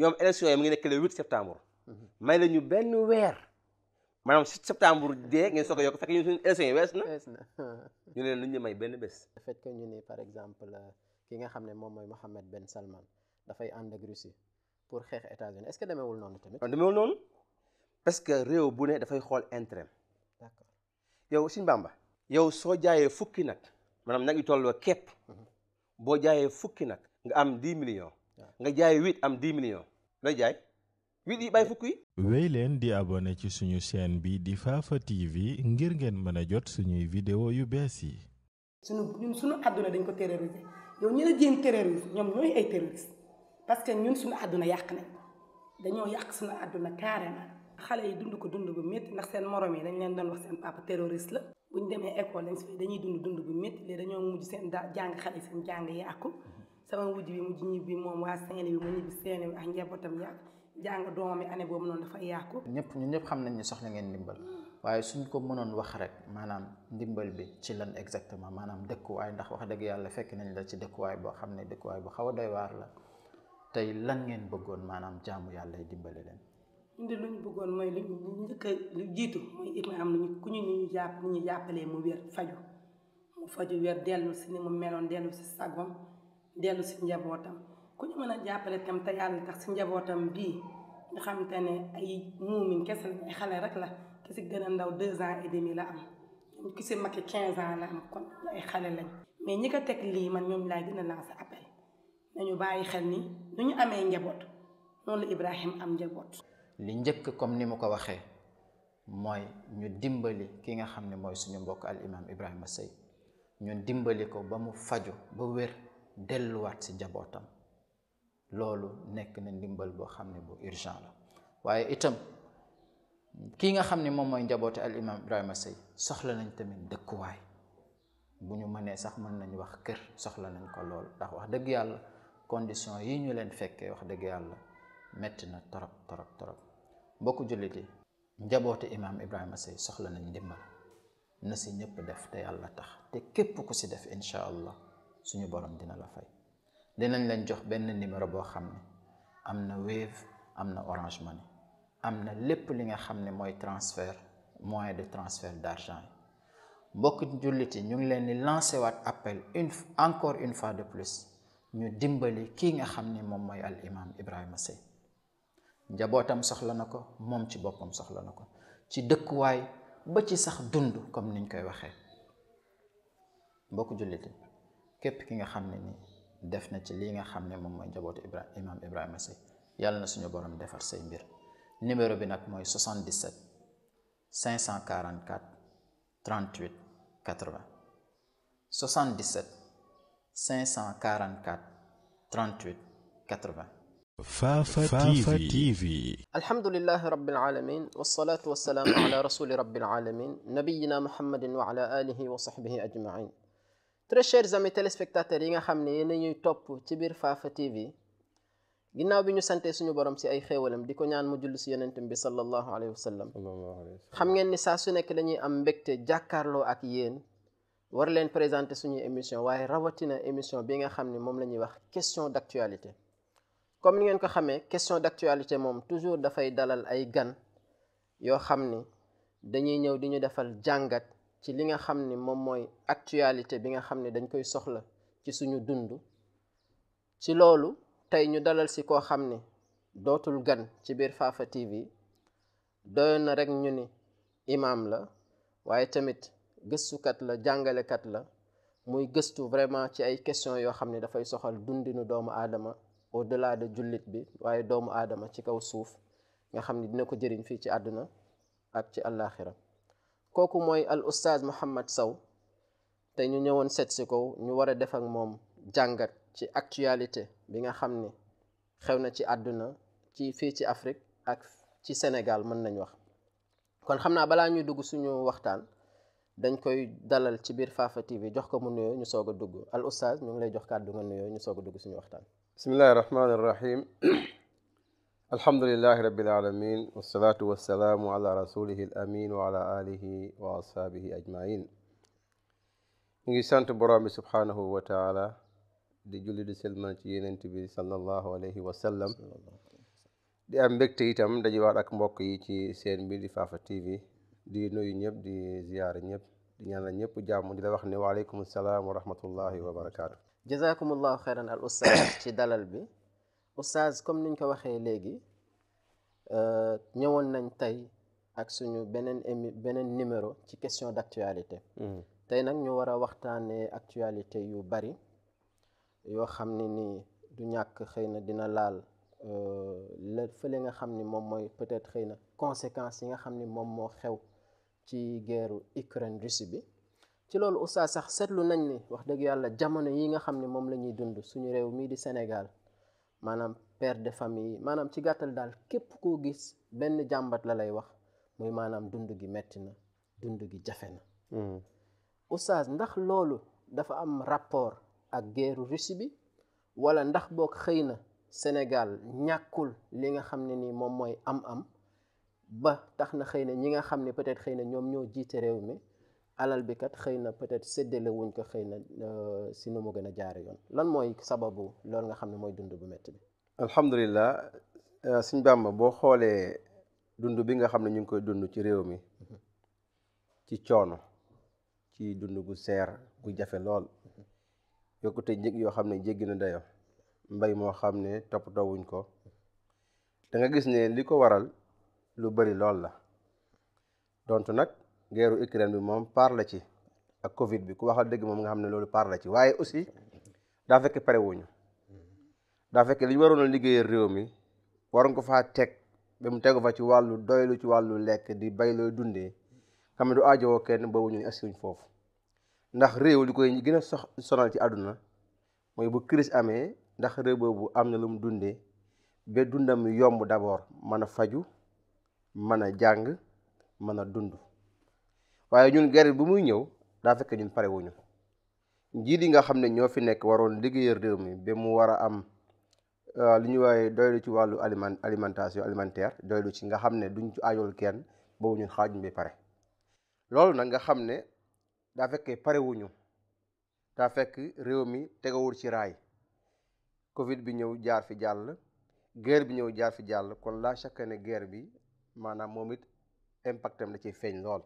ñoom élection yi mu ngi nekk le 8 septembre. Mhm. may la benn weer maanaam septembre de ngeen soog a yokk fekk ñu suñu élection yi wees na. wees na ñu ne leen ñu may benn bés. le ñu ne par exemple euh, ki nga xam ne moom mooy Mohammed benn Salman dafay ànd ak pour xeex États-Unis est-ce demeewul noonu tamit. non ah, demeewul noonu parce que réew bu ne dafay xool intérêt. d'accord yow Sëñ Bamba. yow soo jaayee fukki nag maanaam nag yu tolloo képp mhm. boo jaayee fukki nag nga am 10 millions. nga jaayee 8 am 10 millions. lay jaay huit yi bàyyi fukk yi leen di abone ci suñu chaîne bi di Fafa TV ngir ngeen mën a jot suñuy vidéo yu bees yi suñu ñun suñu àdduna dañ ko terroriser yow ñu la jéem terroriser ñoom ñooy ay terroriste parce que ñun suñu àdduna yàq nañ dañoo yàq suñu àdduna carrément xale yi dund ko dund bu métti ndax seen morom yi dañ leen daan wax seen papa terroriste la bu ñu demee école lañ si dañuy dund dund bu métti léegi dañoo mujj seen da jàng xale yi seen jàng yàqu sama wujj bi mujj ñibbi moom waa Saint-Louis bi mu ñibbi Saint-Louis ak njabootam yàgg jàng doomam yi année boobu noonu dafa yàqu. ñëpp ñun xam nañ ne soxla ngeen ndimbal waaye suñ ko mënoon wax rek maanaam ndimbal bi ci lan exactement maanaam dëkkuwaay ndax wax dëgg yàlla fekk nañ la ci dëkkuwaay boo xam ne dëkkuwaay bu xaw a doy waar la tey lan ngeen bëggoon maanaam jaamu yàlla yi leen. ñun de lu ñu bëggoon mooy lu ñu njëkk a lu jiitu mooy it ma am ñu ku ñu ñu jàpp ñu mu wér faju mu faju dellu si ni mu meloon dellu si sagom dellu si njabootam ku ñu mën a jàppale tam te yàlla tax si njabootam bii nga xam te ne ay muumin kese la xale rek la ki si gën a ndaw deux ans et la am ki si mag yi quinze ans la am kon ay xale lañ mais ñi ko teg lii man ñoom laay gën a lancer appel nañu bàyyi xel ni nu ñu amee njaboot noonu Ibrahim am njaboot li njëkk comme ni mu ko waxee mooy ñu dimbali ki nga xam ne mooy suñu mbokk al imam Ibrahima Seye ñu dimbali ko ba mu faju ba wér delluwaat si njabootam loolu nekk na ndimbal boo xam ne bu urgent la waaye itam kii nga xam ne moom mooy njaboote al imam Ibrahima Seye soxla nañ tamit dëkkuwaay bu ñu mënee sax mën nañu wax kër soxla nañ ko lool ndax wax dëgg yàlla condition yi ñu leen fekkee wax dëgg yàlla metti na torop torop torop mbokku jullit yi njaboote imam Ibrahima Seye soxla nañ ndimbal na si ñëpp def te yàlla tax te képp ku si def incha allah suñu borom dina la fay dinañ leen jox benn numéro boo xam ne am na Wave am na Orange Money am na lépp li nga xam ne mooy transfert moyen de transfert d'argent yi mbokk jullit yi ñu ngi leen di lancé waat appel une encore une fois de plus ñu dimbali kii nga xam ni moom mooy al imam Ibrahima Seye njabootam soxla na ko moom ci boppam soxla na ko ci dëkkuwaay ba ci sax dund comme niñ koy waxee mbokk jullit képp ki nga xam ne ni def na ci lii nga xam ne moom mooy njabootu Ibra imam Ibrahima Seye yàlla na suñu borom defar say mbir numéro bi nag mooy 77 544 38 80 77 544 38 80. Fafa TV TV. alhamdulilah rabil aalamiin wasalaatu wa salaam ala rasuli rabil aalamiin nabiyina muhammadin wa ala alihi wa sahbihi ajmain très chers amis téléspectateurs yi nga xam ne yéen ñuy topp ci biir Fafa TV ginnaaw bi ñu sante suñu borom si ay xéewalam di ko ñaan mu jullu si yonentam bi sallallahu alayhi wa sallam xam ngeen ni saa su nekk dañuy am mbégte jàkkaarloo ak yéen war leen présenter suñuy émission waaye rawatina émission bi nga xam ne moom la ñuy wax question d'actualité comme ni ngeen ko xamee question d'actualité moom toujours dafay dalal ay gan yoo xam ni dañuy ñëw di ñu defal jàngat ci li nga xam ni moom mooy actualité bi nga xam ni dañ koy soxla ci suñu dund ci loolu tey ñu dalal si koo xam ni dootul gan ci biir Fafa TV doyoon na rek ñu ni imaam la waaye tamit gëstukat la jàngalekat la muy gëstu vraiment ci ay question yoo xam ni dafay soxal dundinu doomu aadama au jullit bi waaye doomu aadama ci kaw suuf nga xam ni dina ko jëriñ fii ci àdduna ak ci àllaaxira kooku mooy al oustaz Mouhammad Sow te ñu ñëwoon seet si ko ñu war a def moom jàngat ci actualité bi nga xam ni xew na ci àdduna ci fii ci Afrique ak ci Sénégal mën nañ wax kon xam naa balaa ñuy dugg suñu waxtaan dañ koy dalal ci biir Fafa TV jox ko mu nuyoo ñu soog dugg al oustaz ñu ngi lay jox kàddu nga nuyoo ñu soog a dugg suñu waxtaan bismillahi rahmaani rahim alhamdulilahi rabil alamin wasalaatu wasalaamu ala rasulihi al amin wa ala alihi wa ashaabihi ajmain ñu ngi sant borom bi subhaanahu wa taala di julli di selmal ci yenent bi sallallahu alayhi wa sallam di am mbégte itam dajewaat ak mbokk yi ci seen bi di Fafa TV di nuyu ñëpp di ziyaara ñëpp di ñaanal ñëpp jàmm di la wax ne waaleykum salaam wa rahmatullahi wa barakaatu. jazakumullahu xayran al ustaz ci dalal bi. oustaz comme niñ ko waxee léegi euh, ñëwoon nañ tey ak suñu beneen émi beneen numéro ci question d'actualité hmm. tey nag ñu war a waxtaanee actualité yu bari yoo xam ne nii du ñàkk xëy na dina laal euh, la fële nga xam ni moom mooy peut-être xëy na conséquence yi nga xam ni moom moo xew ci guerru Ukraine Russie bi ci loolu oustaz sax seetlu nañ ni wax dëgg yàlla jamono yi nga xam ne moom la ñuy dund suñu réew mii di Sénégal maanaam per de famille maanaam ci gàttal daal képp koo gis benn jàmbat la lay wax muy maanaam dund gi metti na dund gi jafe na hmm. oustaz ndax loolu dafa am rapport ak guerru Russie bi wala ndax boog xëy na Sénégal ñàkkul li nga xam ne nii moom mooy am-am ba tax na xëy na ñi nga xam ne peut-être xëy na ñoom ñoo jiite réew mi alal bi kat xëy na peut-être séddale wuñ ko xëy na euh, si nu mu gën a jaare yoon lan mooy sababu loolu nga xam ne mooy dund bu métti bi alhamdulilah euh, suñ Bàmba boo xoolee dund bi nga xam ne ñu ngi koy dund ci réew mi ci coono ci dund gu seer gu jafe lool yokkute jég yoo xam ne jéggi na dayo mbay moo xam ne toppatoo wuñ ko danga gis ne li ko waral lu bari lool la donte nag guerru Ukraine bi moom par la ci ak Covid bi ku waxal dëgg moom nga xam ne loolu par la ci waaye aussi daa fekk pare wuñu daa fekk li ñu waroon a liggéeyal réew mi waroon ko faa teg ba mu tegu fa ci wàllu doylu ci wàllu lekk di bay looy dundee xam ne du aajowoo kenn boobu ñu assuñ foofu ndax réew li koy gën a sox sonal ci àdduna mooy bu crise amee ndax réew boobu am na lu mu dundee ba dundam yomb d'abord mën a faju mën a jàng mën a dund waaye ñun bi bu muy ñëw daa fekk ñun pare wuñu njiit yi nga xam ne ñoo fi nekk waroon liggéeyal réew mi ba mu war a am euh, li ñuy waaye doylu ci wàllu aliment alimentation alimentaire doylu ci nga xam ne duñ ci aajol kenn boobu ñun xaajuñ bi pare loolu nag nga xam ne daa fekkee parewuñu daa fekk réew mi tegawul ci raay covid bi ñëw jaar fi jàll guerre bi ñëw jaar fi jàll kon laa chaque ne guerre bi maanaam moom it impact am da ci feeñ lool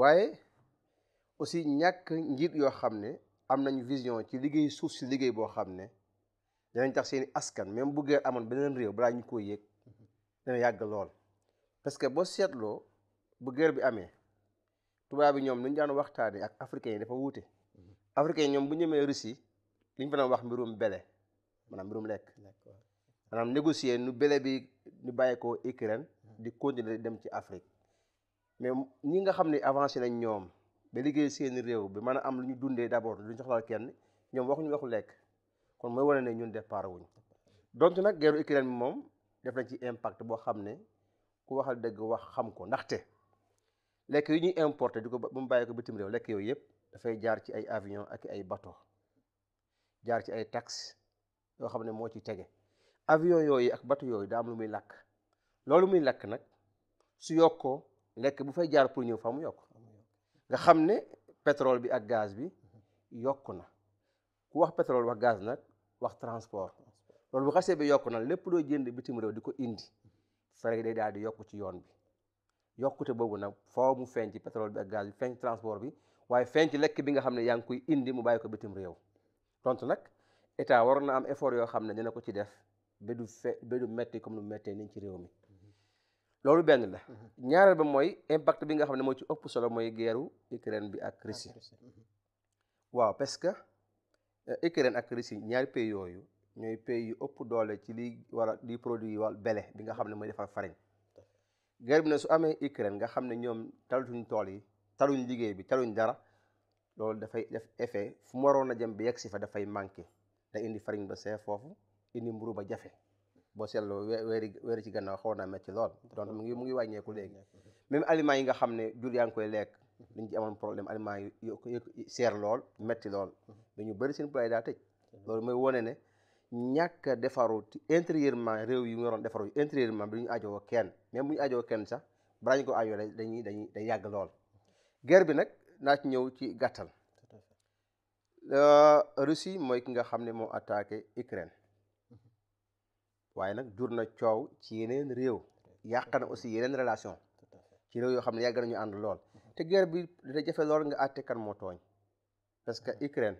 waaye aussi ñàkk njiit yoo xam ne am nañ vision ci liggéey suuf si liggéey boo xam ne danañ tax seeni askan même bu amoon beneen réew balaa ñu ko yëg dana yàgg lool parce que boo seetloo bu guerre bi amee tubaab bi ñoom lu ñu daan waxtaanee ak africains yi dafa wuute africains yi ñoom bu ñu ñëmee Russie liñ ñu wax mbirum bele maanaam mbirum lekk maanaam négocier nu bele bi ñu bàyyeekoo Ukraine di continuer dem ci Afrique mais ñi nga xam ne avancé nañ ñoom ba liggéey seeni réew bi mën a am lu ñu dundee d'abord lu ñu soxlaal kenn ñoom waxuñu waxu lekk kon mooy wane ne ñun départ wuñ donc nag guerre Ukraine bi moom def nañ ci impact boo xam ne ku waxal dëgg wax xam ko ndaxte lekk yi ñuy importe di ko ba mu bàyyi ko bitim réew lekk yooyu yëpp dafay jaar ci ay avion ak ay bateau jaar ci ay taxes yoo xam ne moo ci tege avion yooyu ak bateau yooyu daa am lu muy lakk loolu muy lakk nag su yokkoo lekk bu fay jaar pour ñëw fa mu yokk nga xam ne petrole bi ak gaz bi yokk na ku wax pétrole wax gaz nag wax transport loolu bu xasee bi yokk na lépp loo jënd bitim réew di ko indi frais day daal di yokk ci yoon bi yokkute boobu nag foo mu feeñ ci pétrole bi ak gaz bi feeñ transport bi waaye feeñ ci lekk bi nga xam ne yaa ngi koy indi mu bàyyi ko bitim réew tontu nag état waroon na am effort yoo xam ne dina ko ci def ba du fe ba du metti comme nu mettee niñ ci réew mi loolu benn la mhm. ñaareel ba mooy impact bi nga xam ne moo ci ëpp solo mooy guerru Ukraine bi ak Russie mhm. waaw parce que euh, Ukraine ak Russie ñaar pays yooyu ñooy pays yu ëpp doole ci li wala di produit wal bele bi nga xam ne mooy defar farine guerre bi nag su amee Ukraine nga xam ne ñoom talatuñ tool yi taluñ liggéey bi taluñ dara loolu dafay def effet fu mu waroon a jëm bi si fa dafay manqué da indi farine ba seer foofu indi mburu ba jafe boo seetloo weeri weeri ci gannaaw xawoon naa métti lool donc mu ngi mu ngi wàññeeku léegi même aliment yi nga xam ne jur yaa ngi koy lekk dañ ci amoon problème aliments yi yokk seer lool métti lool mais mm-hmm. ñu bëri seen poulailler daa tëj mm-hmm. loolu mooy wone ne ñàkk defaru intérieurement réew yi nga doon defaru intérieurement bi ñu ajoo kenn même bu ñu ajoo kenn sax balaa ñu ko ajoo dañuy dañuy day yàgg lool mm-hmm. guerre bi nag naa ci ñëw ci gàttal euh, Russie mooy ki nga xam ne moo attaqué Ukraine waaye nag jur na coow ci yeneen réew yàq na aussi yeneen relation ci réew yoo xam ne yàgg nañu ànd lool te guerre bi dina jafe lool nga àtte kan moo tooñ parce que mm-hmm. Ukraine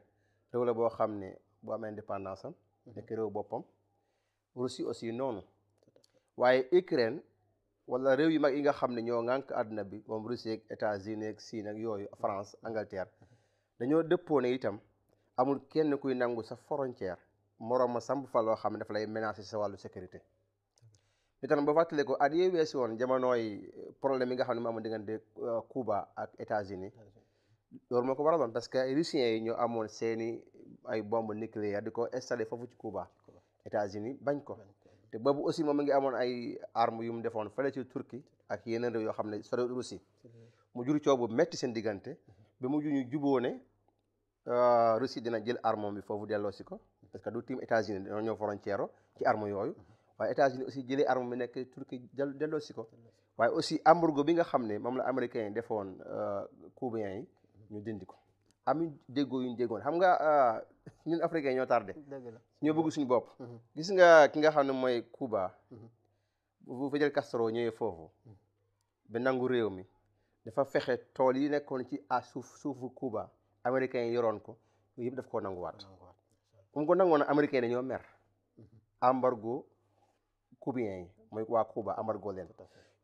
réew la boo xam ne boo amee indépendance am mm-hmm. nekk réew boppam Russie aussi noonu waaye Ukraine wala réew yu mag yi nga xam ne ñoo ŋànk àdduna bi moom Russie ak États-Unis ak Chine yooyu France mm-hmm. Angleterre dañoo dëppoo ne itam amul kenn kuy nangu sa frontière moroom ma samp fa loo xam ne dafa lay menacer sa wàllu sécurité bi tam boo fàttalee ko at yee weesi woon jamonooy problème yi nga xam ne mu amoon diggante euh, Cuba ak États-Unis loolu moo ko waraloon parce que russiens yi ñoo amoon seeni ay bombe nucléaire di ko installé foofu ci Cuba états bañ ko te babu aussi moom mi ngi amoon ay armes yu mu defoon fële ci Turquie ak yeneen réew yoo xam ne sori Russie mu jur coow bu metti seen diggante bi mu ju ñu juboo ne euh, Russie dina jël arme bi foofu delloo si ko parce que du tiim États-Unis dañoo ñëw frontière ci arme yooyu waaye États-Unis aussi jëlee arme bi nekk Turquie delloo si ko waaye aussi embargo bi nga xam ne moom la américain yi defoon euh, cubains yi ñu dindi ko am déggoo yuñ déggoon xam nga euh, ñun africain ñoo tardé ñoo bëgg suñu bopp mhm. gis nga ki nga xam ne mooy Cuba mhm. bu Fidel Castro ñëwee foofu be nangu réew mi dafa fexe tool yi nekkoon ci à suuf suufu Cuba américain yi yoroon ko yëpp daf koo nanguwaat ah, comme ko nangoon na américain yi dañoo mer mhm. embargo cubain yi mooy waa Cuba embargo leen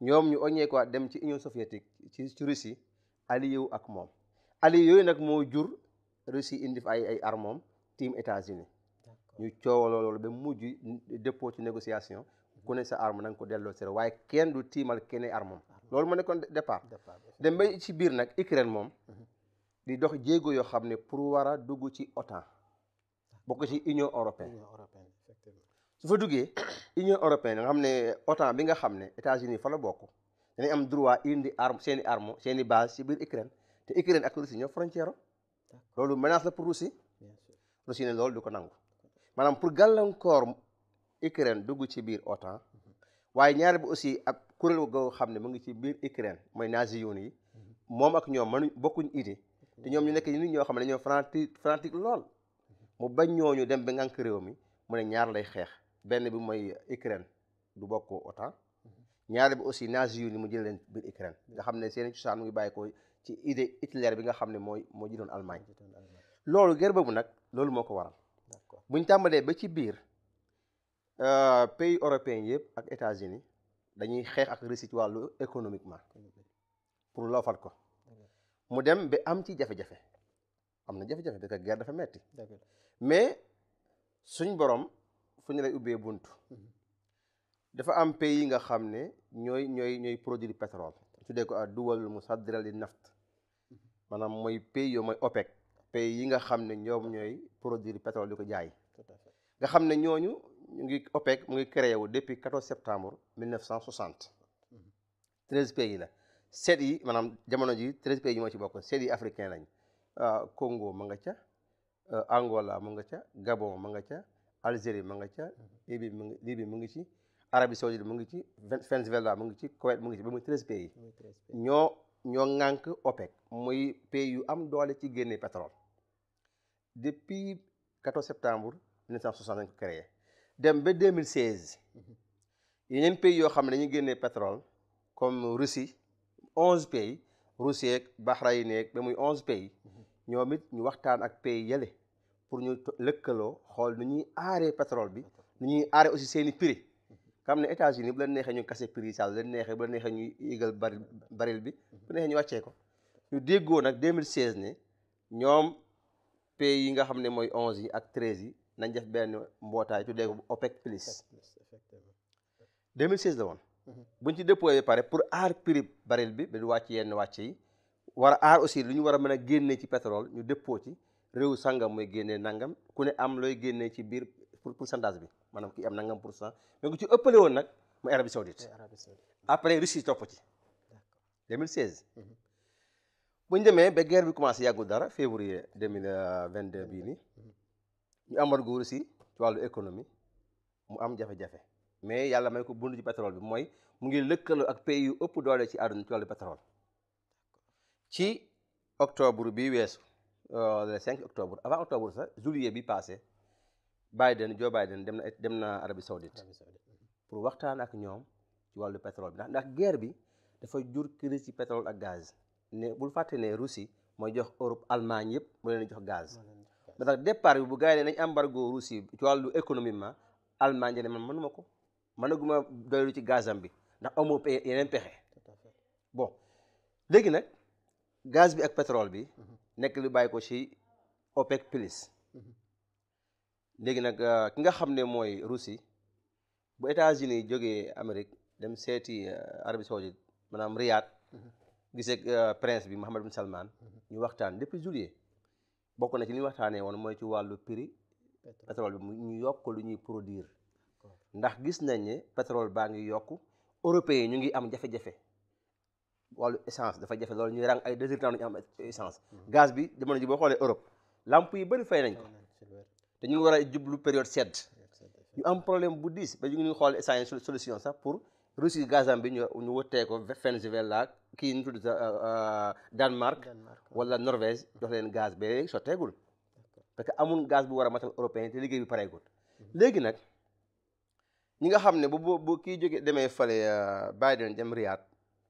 ñoom ñu oññee quoi dem ci Union soviétique ci ci Russie allié wu ak moom allié yooyu nag moo jur Russie indi fa ay ay armoom team États-Unis ñu coowaloo loolu ba mujj dépôt ci négociation mhm. ku ne sa arme na ko delloo si waaye kenn du tiimal keneen armom loolu ma nekkoon départ dem ba ci biir nag Ukraine moom mhm. di dox jéego yoo xam ne pour war a dugg ci OTAN bokk ci union européenne. union européenne effectivement. fa duggee union européenne nga xam ne OTAN bi nga xam ne États-Unis fa la bokk dañuy am droit indi arme seen i arme seen i base ci biir Ukraine te Ukraine ak Russie ñoo frontière loolu menace la pour Russie. Russie ne loolu du ko nangu. maanaam pour gàllankoor Ukraine dugg ci biir OTAN mhm. waaye ñaari bi aussi ak kuréel goo xam ne mu ngi ci biir Ukraine mooy nazi yoon yi mhm. moom ak ñoom mënuñ bokkuñ idée te ñoom ñu nekk nit ñoo xam ne ñoo fanatique fanatique lool mu bañ ñooñu dem ba ngànk réew mi mu ne ñaar lay xeex benn bi mooy Ukraine du bokk OTAN mm-hmm. ñaar bi aussi nazi yu ni mu jël leen biir Ukraine mm-hmm. nga xam ne seen cosaan mu ngi bàyyi ko ci idée Hitler bi nga xam ne mooy moo jiitoon Allemagne loolu guerre boobu nag loolu moo ko waral buñ tàmbalee ba ci biir euh, pays européens yëpp ak États-Unis dañuy xeex ak Russie ci wàllu économiquement pour loofal ko mu dem ba am ci jafe-jafe am na jafe-jafe parce que guerre dafa metti mais suñ borom fu ñu lay ubbee bunt dafa am pays yi nga xam ne ñooy ñooy ñooy produire pétrole dee ko ak mu musaddira li naft maanaam mooy pays yoo mooy OPEC pays yi nga xam ne ñoom ñooy produire pétrole di ko jaay nga xam ne ñooñu ñu ngi OPEC mu ngi créé wu depuis 14 septembre 1960 treize pays la seet yi maanaam jamono ji treize pays yi moo ci bokk seet yi africain lañ kongo ah, ma nga ca Euh, Angola mu nga ca Gabon mu nga ca Algérie mu nga ca mhm. Libye mu ngi Libye mu ngi ci Arabie Saoudite mu ngi ci Venezuela mu ngi ci Koweït mu ngi ci ba muy treize pays ñoo ñoo ŋànk OPEC muy pays yu am doole ci génne pétrole depuis 14 septembre 1960 ko créé dem ba 2016 mhm. yeneen pays yoo xam ne dañuy génne pétrole comme Russie 11 pays Russie ak Bahreïn ak ba muy 11 pays mhm. ñoom it ñu waxtaan ak pays yële pour ñu lëkkaloo xool nu ñuy aaree pétrole bi nu ñuy aaree aussi seeni i prix xam ne États-Unis bu la neexee ñu kase prix sall leen neexee bu leen neexee ñuy yégal baril bi bu neexee ñu wàccee ko ñu déggoo nag 2016 ne ñoom pays yi nga xam ne mooy 11 yi ak 13 yi nañ def benn mbootaay tuddee ko OPEC plus 2016 la woon mhm. buñ ci déployé pare pour aar prix baril bi ba du wàcc yenn wàcc yi war aar aussi lu ñu war a mën a génnee ci pétrole ñu dëppoo ci réew sangam mooy génnee nangam ku ne am looy génnee ci biir pour pourcentage bi maanaam ki am nangam pour cent mais ku ci ëppale woon nag mu Arabie Saoudite après Russie topp ci 2016 bu ñu demee ba guerre bi commencé yàggul dara février 2022 bii nii mhm. ñu amoon nguur si ci wàllu économie mu am jafe-jafe mais yàlla may ko bund ci pétrole bi mooy mu ngi lëkkaloo ak pays yu ëpp doole ci àdduna ci wàllu pétrole ci octobre bi weesu Euh, le 5 octobre avant octobre sax juillet bi passé Biden Joe Biden dem na dem na Arabie Saoudite mhm. pour waxtaan ak ñoom ci wàllu pétrole bi ndax ndax guerre bi dafa jur crise ci pétrole ak gaz ne bul fàtte ne Russie mooy jox Europe Allemagne yëpp mu leen jox gaz. ba tax bi bu gars yi ne nañ embargo ci wàllu économiquement Allemagne ne man mënuma ko mënaguma doylu ci gazam bi ndax amoo yeneen pexe bon bi ak pétrole bi. Mhm. nekk lu bàyyi ko ci OPEC plus mm-hmm. léegi nag euh, ki nga xam ne mooy Russie bu États-Unis jógee amerique dem seeti euh, Arabie Saoudite maanaam Riyad mm-hmm. gisee euh, prince bi Mohammed bin Salman mm-hmm. ñu waxtaan depuis juillet bokk na ci li waxtaanee woon mooy ci wàllu prix pétrole bi ñu yokk lu ñuy produire ndax gis nañ ne petrole baa ngi yokk européens yi ñu ngi am jafe-jafe wàllu essence dafa jafe loolu ñuy rang ay deux heures temps ñu am essence gaz bi jamono ji boo xoolee Europe lamp yi bëri fay nañ ko te ñu ngi war a jublu période sedd ñu am problème bu diis ba ñu ngi xool essence solution sax pour Russie gazam bi ñu ñu wëttee ko Venezuela kii ñu tudd sa euh, euh, Danemark wala Norvège jox leen gaz ba léegi parce que amul gaz bu war a matal européen te liggéey bi pareegul mhm. léegi nag ñi nga xam ne bu bu kii jógee demee fale euh, Biden dem Riyad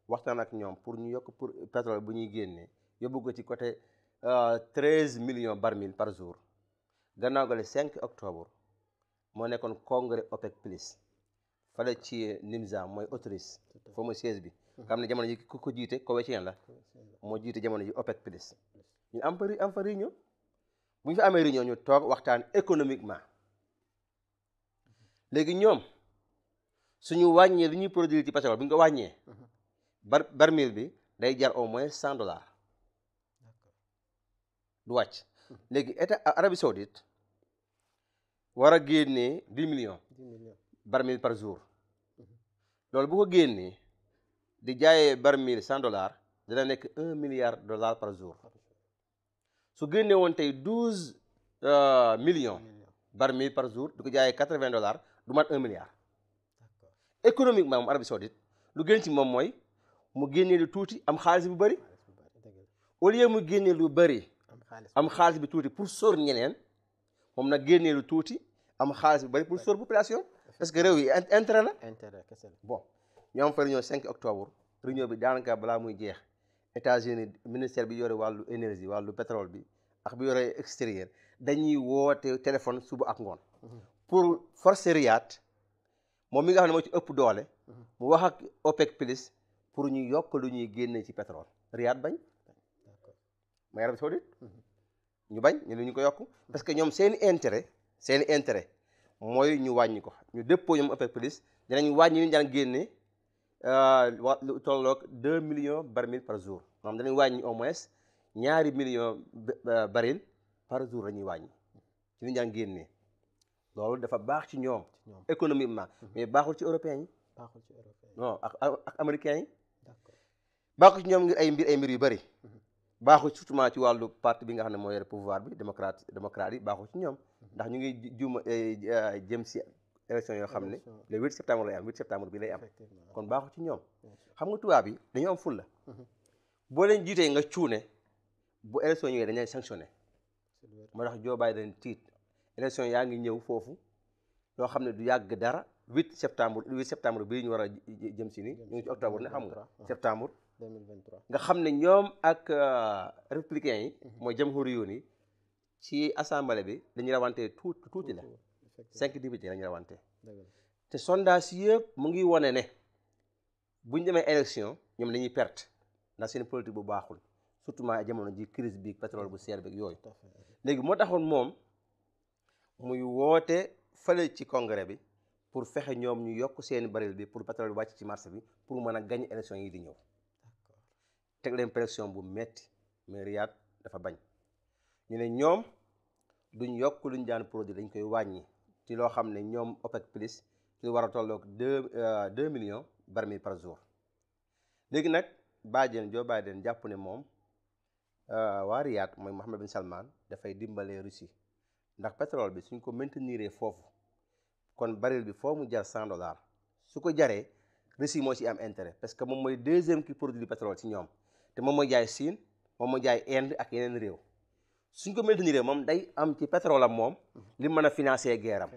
waxtaan ak ñoom pour ñu yokk pour pétrole bu ñuy génnee yóbbu ko ci côté euh, treize million barmil par jour gannaaw ga le cinq octobre moo nekkoon congrès OPEC plus fale ci Nimza mooy Autriche foo mooy siège bi xam ne jamono ji ku ko jiite Koweïtien la moo jiite jamono ji OPEC pilis ñu am fa am fa réunion bu ñu fa amee réunion ñu toog waxtaan économiquement léegi ñoom suñu wàññee lu ñuy produire ci pétrole bu ñu wàññee mmh. bar barmil bi day jar au moins cent dollars du wàcc hmm. léegi état Arabie Saoudite war a génnee dix millions barmil par jour hmm. loolu bu ko génnee di jaayee barmil cent dollars dina nekk un milliard dollars par jour su génnee woon tey douze euh, millions barmil par jour di ko jaayee quatre-vingts dollars du mat un milliard économiquement moom Arabie Saoudite lu gën ci moom mooy mu génne lu tuuti am xaalis bu bëri au lieu mu génnee lu bëri am xaalis bi tuuti pour sóor ñeneen moom nag génnee lu tuuti am xaalis bu bëri pour sóor population parce que réew yi intérêt la bon ñu am fa réunion 5 octobre réunion bi daanaka balaa muy jeex États-Unis ministère bi yore wàllu énergie wàllu pétrole bi ak bi yore extérieur dañuy woote téléphone suba ak ngoon mhm. pour forcer Riyad moom mi nga xam ne moo ci ëpp doole mhm. mu wax OPEC plus pour ñu yokk lu ñuy génne ci pétrole Riyad bañ mooy Arabie Saoudite ñu bañ ñu lu ñu ko yokk parce que ñoom seen intérêt seen intérêt mooy ñu wàññi ko ñu dëppoo ñoom OPEC plus dinañ wàññi ñu daan génne euh, wa lu tolloog deux millions baril par jour maanaam danañ wàññi au moins ñaari millions baril par jour la ñuy wàññi ci ñu daan génnee loolu dafa baax ci ñoom économiquement mm-hmm. mais baaxul ci européens baaxul ci européens non yi baaxu ci ñoom ngir ay mbir ay mbir yu bëri baaxu surtout ci wàllu parti bi nga xam ne moo yore pouvoir bi démocrate démocrate yi baaxu ci ñoom ndax ñu ngi juma eh, eh, jëm si élection yoo xam ne le 8 septembre lay am 8 septembre bi lay am kon baaxu ci ñoom xam nga tubaab yi dañoo am fulla mhm. boo leen jiitee nga cuune bu élection ñëwee dañuy sanctionné moo tax joobaay Biden tiit élection yaa ngi ñëw foofu loo xam ne du yàgg dara 8 septembre 8 septembre bii ñu war a jëm si ni ñu ci octobre ne xam nga septembre 2023 nga xam ne ñoom ak euh, républicains yi. Mhm. mooy jamhuri yoon yi ci assemblée bi dañu rawante tuuti tuuti la. cinq députés lañu rawante. te sondage yëpp mu ngi wane ne bu ñu demee élection ñoom dañuy perte ndax seen politique bu baaxul surtout ma jamono ji crise bi pétrole bu seer bi yooyu. léegi moo taxoon moom muy woote fële ci congrès bi pour fexe ñoom ñu yokk seen baril bi pour pétrole bi wàcc ci marché bi pour mën a gañ élection yi di ñëw. teg leen pression bu metti mais Riyad dafa bañ ñu ne ñoom duñ yokk luñ jaan produit dañ koy wàññi ci loo xam ne ñoom OPEC plus ci war a tolloog deux euh, deux millions baril par jour léegi nag Biden Joe Biden jàpp ne moom euh, waa Riyad mooy Mohammed bin Salman dafay dimbalee Russie ndax pétrole bi suñ ko maintenir foofu kon baril bi foo mu jar cent dollars su ko jaree Russie moo ci am intérêt parce que moom mooy deuxième qui produit pétrole ci ñoom te moom mooy jaay Siin moom mooy jaay Inde ak yeneen réew suñ ko maintenir réew moom day am ci pétrole am moom li mën a financer guerre am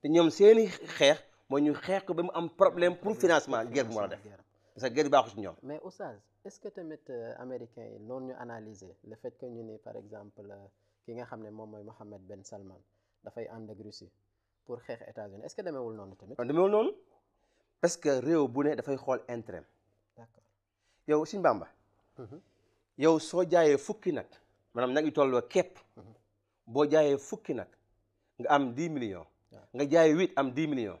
te ñoom seeni xeex mooy ñu xeex ko ba mu am problème pour financement guerre bu mu war a def parce que guerre bi baaxu ci ñoom. mais Oustaz est-ce que tamit euh, américains yi noonu ñu analyser le fait que ñu ne par exemple euh, ki nga xam ne moom mooy Mohammed Ben Salman dafay ànd ak Russie pour xeex États-Unis est-ce que demeewul noonu tamit. non ah, demeewul noonu parce que réew bu ne dafay xool intérêt d'accord yow Sëñ Bamba. yow soo jaayee fukki nag maanaam nag yu tolloo képp boo jaayee fukki nag nga am 10 millions nga jaayee huit am 10 millions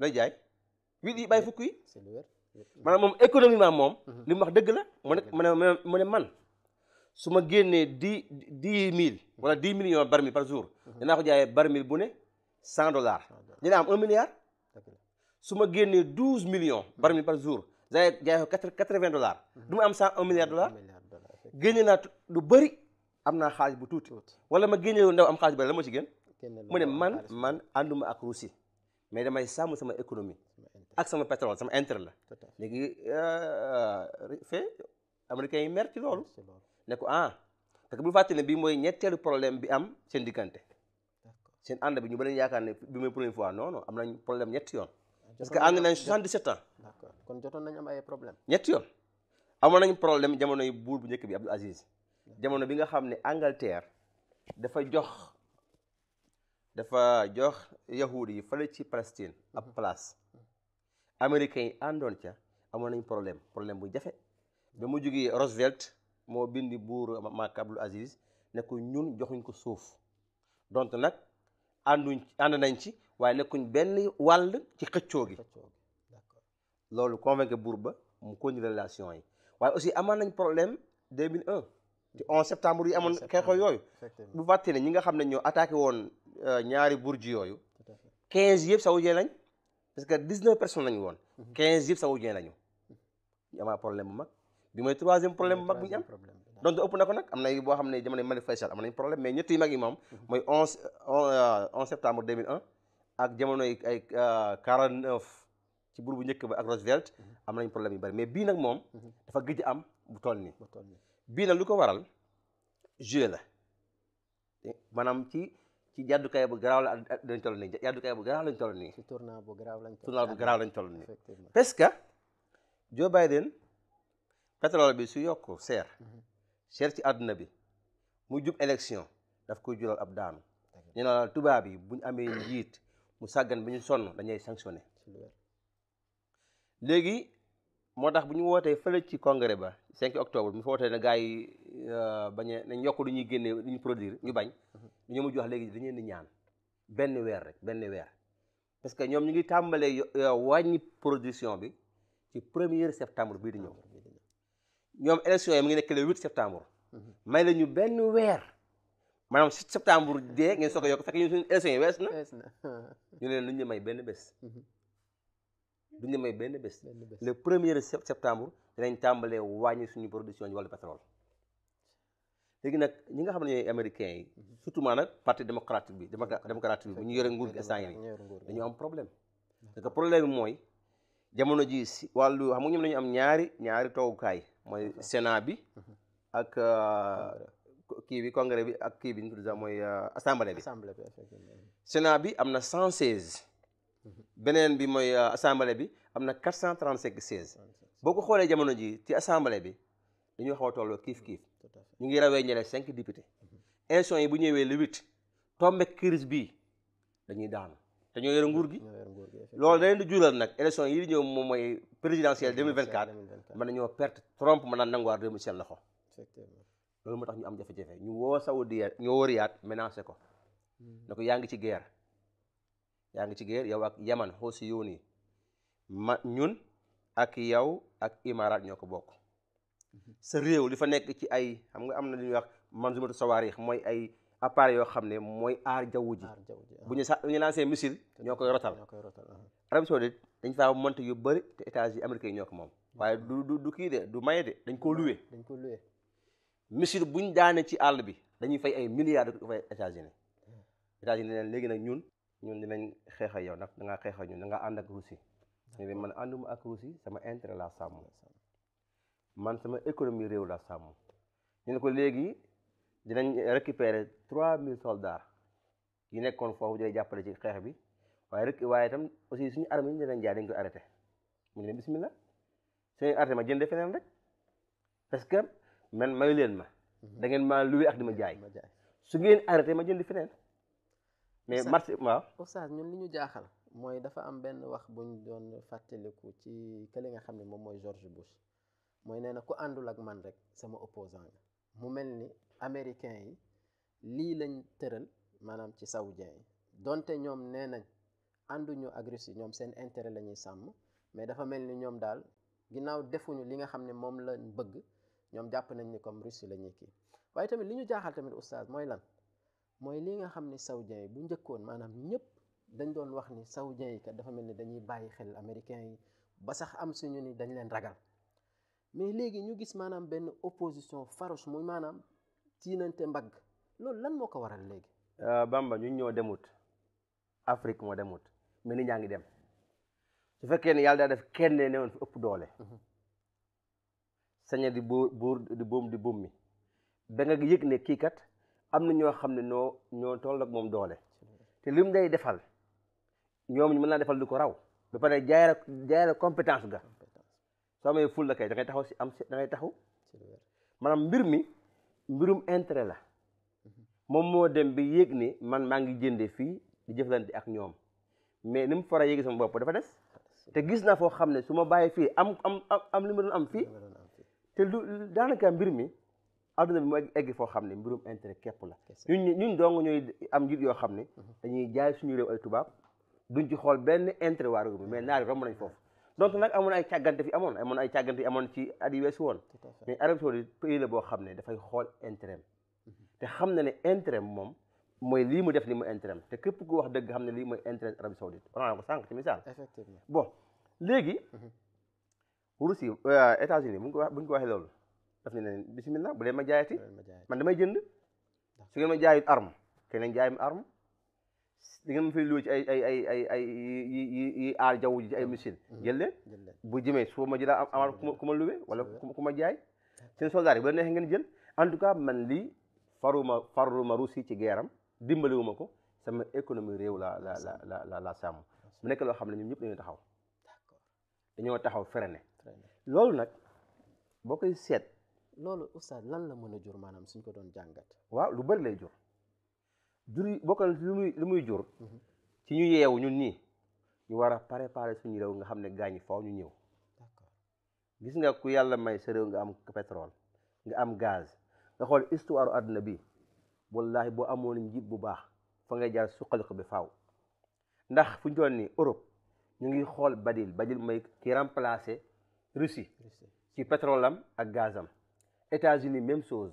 looy jaay huit yi bàyyi fukki yi maanaam moom économiquement moom mm-hmm. li mu wax dëgg la mu ne mu ne man su ma génnee dix dix mille wala dix millions barmil par jour mm-hmm. dinaa ko jaayee barmil bu ne cent dollars dinaa am un milliard su ma génnee douze millions barmil par jour jaay jaay ko quatre-vingts dollars mhm. du ma am cent un milliard dollars génne naa lu bëri am naa xaalis bu tuuti wala ma génne lu ndaw am xaalis bu la moo ci gën mu ne man man ànduma ak Russie mais damay sàmm sama économie ak sama pétrole sama intérêt la léegi euh, fee américains yi mer ci loolu ne ko ah parce que bu fàttali ne bii mooy ñetteelu problème bi am seen diggante seen ànd bi ñu bi mooy première fois non non am nañ ñetti yoon parce que ànd nañ 77 ans. d'accord kon jotoon nañ am ay problème ñetti yoon amoon nañ problème jamono yi buur bu njëkk bi Abdou Aziz jamono bi nga xam ne Angleterre dafa jox dafa jox yahudi yi fële ci Palestine ab mm-hmm. place américains yi àndoon ca amoon nañ problème problème bu jafe ba mu jógee Roosevelt moo bindi buur maak Abdou Aziz ne ko ñun joxuñ ko suuf dont nag ànduñ ànd nañ ci waaye nekkuñ benn wàll ci xëccoo gi loolu convaincu buur ba mu continuer relation yi waaye aussi amaan nañ problème 2001 ci 11 septembre yi amoon xeexoo yooyu bu fàtte ne ñi nga xam ne ñoo attaqué woon euh, ñaari burji yooyu 15 yëpp saoudien lañ parce que 19 personnes lañu woon 15 mhm. yëpp saoudien lañu mhm. ñu amaa problème bu mag bi mooy troisième problème bu mag bu ñu am donc ëpp na ko nag am na boo xam ne jamono Malick Faye Sall am nañ problème mais ñett yu mag yi moom mhm. mooy 11 11 euh, septembre ak jamono ay ay ah, 49 ci buur bu njëkk ba ak Roosevelt mhm. am nañ problème yu bari mais bii nag moom mhm. dafa gëj am bu toll nii bii nag lu ko waral jeu la maanaam ci ci jàddukaay bu garaaw la lañ toll nii jàddukaay bu garaaw lañ toll nii ci tournant bu garaaw lañ toll nii tournant bu garaaw lañ toll nii que Joe Biden pétrole bi su yokk seer mhm. seer ci àdduna bi mu jub élection daf koy jural ab daanu ñu ne la tubaab yi buñ amee njiit mu sàggan bi ñu sonn dañuy sanctionné léegi moo tax bu ñu wootee fële ci congrès ba 5 octobre ñu fa wootee ne gars yi euh, bañ nañ yokk lu ñuy génne lu ñu produire ñu bañ mm-hmm. dañoo mujj jox léegi dañu di ñaan benn weer rek benn weer parce que ñoom ñu ngi tàmbalee euh, wàññi production bi ci première septembre bii di ñëw ñoom élection yi mu ngi nekk le 8 septembre mm-hmm. may la ñu benn weer maanaam si septembre dee ngeen soog a yokk fekk ñun suñu élection yi wees na. wees na ñu ne luñ ñu may benn bes mhm. duñ ñu may bés. le premier septembre dinañ tàmbalee wàññi suñu production ci wàllu pétrole. léegi nag ñi nga xam ne ñooy américains yi. Mhm. surtout maanaam parti démocratique bi démocratique bi bu ñu yore nguur gi instant yii dañoo am problème. parce que problème mooy jamono ji si wàllu xam nga ñoom dañu am ñaari ñaari toogukaay mooy Sénat bi mhm. ak. Euh, kii bi congrès bi ak kii bi ñu tudd sax mooy euh, assemblée bi. assemblée bi bi am na 116. Mhm. beneen bi mooy euh, assemblée bi am na 435 16. boo ko xoolee jamono ji ci assemblée bi dañoo xaw a tolloo kiif kiif. Mm-hmm. ñu ngi rawee ñeneen cinq députés. Mm-hmm. élection yi bu ñëwee le 8. tombe crise bii dañuy daan te ñoo yore nguur gi. loolu da leen di jural nag élection yi di ñëw moom mooy présidentielle 2024. mën nañoo perte Trump mën naa nanguwaat réew mi seen loxo. loolu moo tax ñu am jafe-jafe ñu woo Saoudia ñoo woo Riyad menacé ko hmm. ne ko yaa ngi ci guerre yaa ngi ci guerre yow ak Yaman xoosi yoon ma ñun ak yow ak Imaaraat ñoo ko bokk hmm. sa réew li fa nekk ci ay xam nga am na lu ñuy wax manzumatu sawaarix mooy ay appareil yoo xam ne mooy aar jaww ji ah. bu ñu sa bu ñu lancé missile ñoo koy rotal ah. Arabie Saoudite dañ faa monté yu bëri te états yi américains yi ñoo ko moom hmm. waaye du du kii de du maye de dañ koo dañ ko luwe misir buñ daane ci àll bi dañuy fay ay milliards ko fay États-Unis États-Unis léegi nag ñun ñun dinañ xeex ak yow nag da ngaa xeex ñun da ngaa ànd ak Russie ñu ne man ànduma ak Russie sama intérêt laa sàmm man sama économie réew la sàmm ñu ne ko léegi dinañ récupérer trois mille soldats yi nekkoon foofu dinañ jàppale ci xeex bi waaye rek waaye itam aussi suñu armée yi dinañ jaay dañ koy arrêté mu ne bismillah suñu arrêté ma jëndee feneen rek parce que man mayu leen ma mhm. da ngeen lu luwe ak di ma jaay su ngeen arrêté ma jëndi feneen mais marché waaw oustaz ñun li ñu jaaxal mooy dafa am benn wax buñ doon fàttaliku ci kële nga xam ne moom mooy George Bush mooy nee na ku àndul ak man rek sama opposant nga mu mel ni américain yi lii lañ tëral maanaam ci saoudien yi donte ñoom nee nañ ànduñu ak Russie ñoom seen intérêt la ñuy sàmm mais dafa mel ni ñoom daal ginnaaw defuñu li nga xam ne moom lañ bëgg ñoom jàpp nañ ni comme Russie la ñuy kii waaye tamit li ñu jaaxal tamit oustaz mooy lan mooy lii nga xam ni saoudiens yi bu njëkkoon maanaam ñëpp dañ doon wax ni saoudiens yi kat dafa mel ni dañuy bàyyi xel américains yi ba sax am suñu ni dañ leen ragal mais léegi ñu gis maanaam benn opposition farouche muy maanaam tiinante mbagg loolu lan moo ko waral léegi. Euh, Bamba ñu ñoo demut Afrique moo demut mel ni ñaa ngi dem su fekkee ne yàlla daal def kenn ne woon fi ëpp doole. Mhm. saña di boo buur di boom di boom mi da nga yëg ne kii kat am na ñoo xam ne noo ñoo toll ak moom doole te lim day defal ñoom ñu mën naa defal lu ko raw ba pare jaay la compétence ga soo amee ful la kay da ngay taxaw si am si da taxaw maanaam mbir mi mbirum intérêt la mm-hmm. moom moo dem bi yéeg ni man maa ngi jënde fii di jëflante ak ñoom mais ni mu fara yéegi sama bopp dafa des te gis naa foo xam ne suma ma bàyyi fii am am am li ma doon am fii te lu daanaka mbir mi adduna bi mu egg foo xam ne mbirum intérêt kepp la ñun ñun dong ñooy am njiit yoo xam ne mhm. dañuy jaay suñu réew ay tubaab duñ ci xool benn intérêt waa réew mi mais naari romb nañ foofu donc nag amoon ay càggante fi amoon amoon ay càggante fi amoon ci at yi weesu woon mais Arabie Saoudite pays la boo xam ne dafay xool intérêt mhm. te xam na ne intérêt moom mooy lii mu def li mu intérêt te képp ku wax dëgg xam ne lii mooy intérêt Arabie Saoudite on ko sànq ci misaal effectivement bon léegi mhm. Russie euh, États-Unis bu ñu ko wax ko waxee loolu daf ne leen bisimilah bu leen ma jaayati man may jënd su ngeen ma jaay arme te nañ jaay ma arme di ngeen ma fi luwe ci ay ay ay ay ay yi yi yi ay missile mm-hmm. jël leen bu jëmee su ma jëlaa am ku ma ku ma luwe wala ku ma jaay seen soldats yi bu leen neexee ngeen jël en tout cas man lii faru ma Russie ci geeram ma ko sama économie réew la la la la la sàmm mu nekk loo xam ne ñun ñëpp dañoo taxaw dañoo taxaw freiné loolu nag boo koy seet. loolu oustaz lan la mën a jur maanaam suñ ko doon jàngat. waaw lu bari lay jur jur yi bokkal lu muy lu muy jur. Mhm. ci ñu yeewu ñu nii ñu war a pare préparer suñu réew nga xam ne gaañ yi faaw ñu ñëw. d'accord gis nga ku yàlla may sa réew nga am pétrole nga am gaz nga xool histoire àdduna bi wallahi boo amoon njiit bu baax fa ngay jaar ko bi faw ndax fu ñu toll nii Europe ñu ngi xool Badil Badil mooy ki remplacer. Russie ci pétrole am ak gazam États-Unis même chose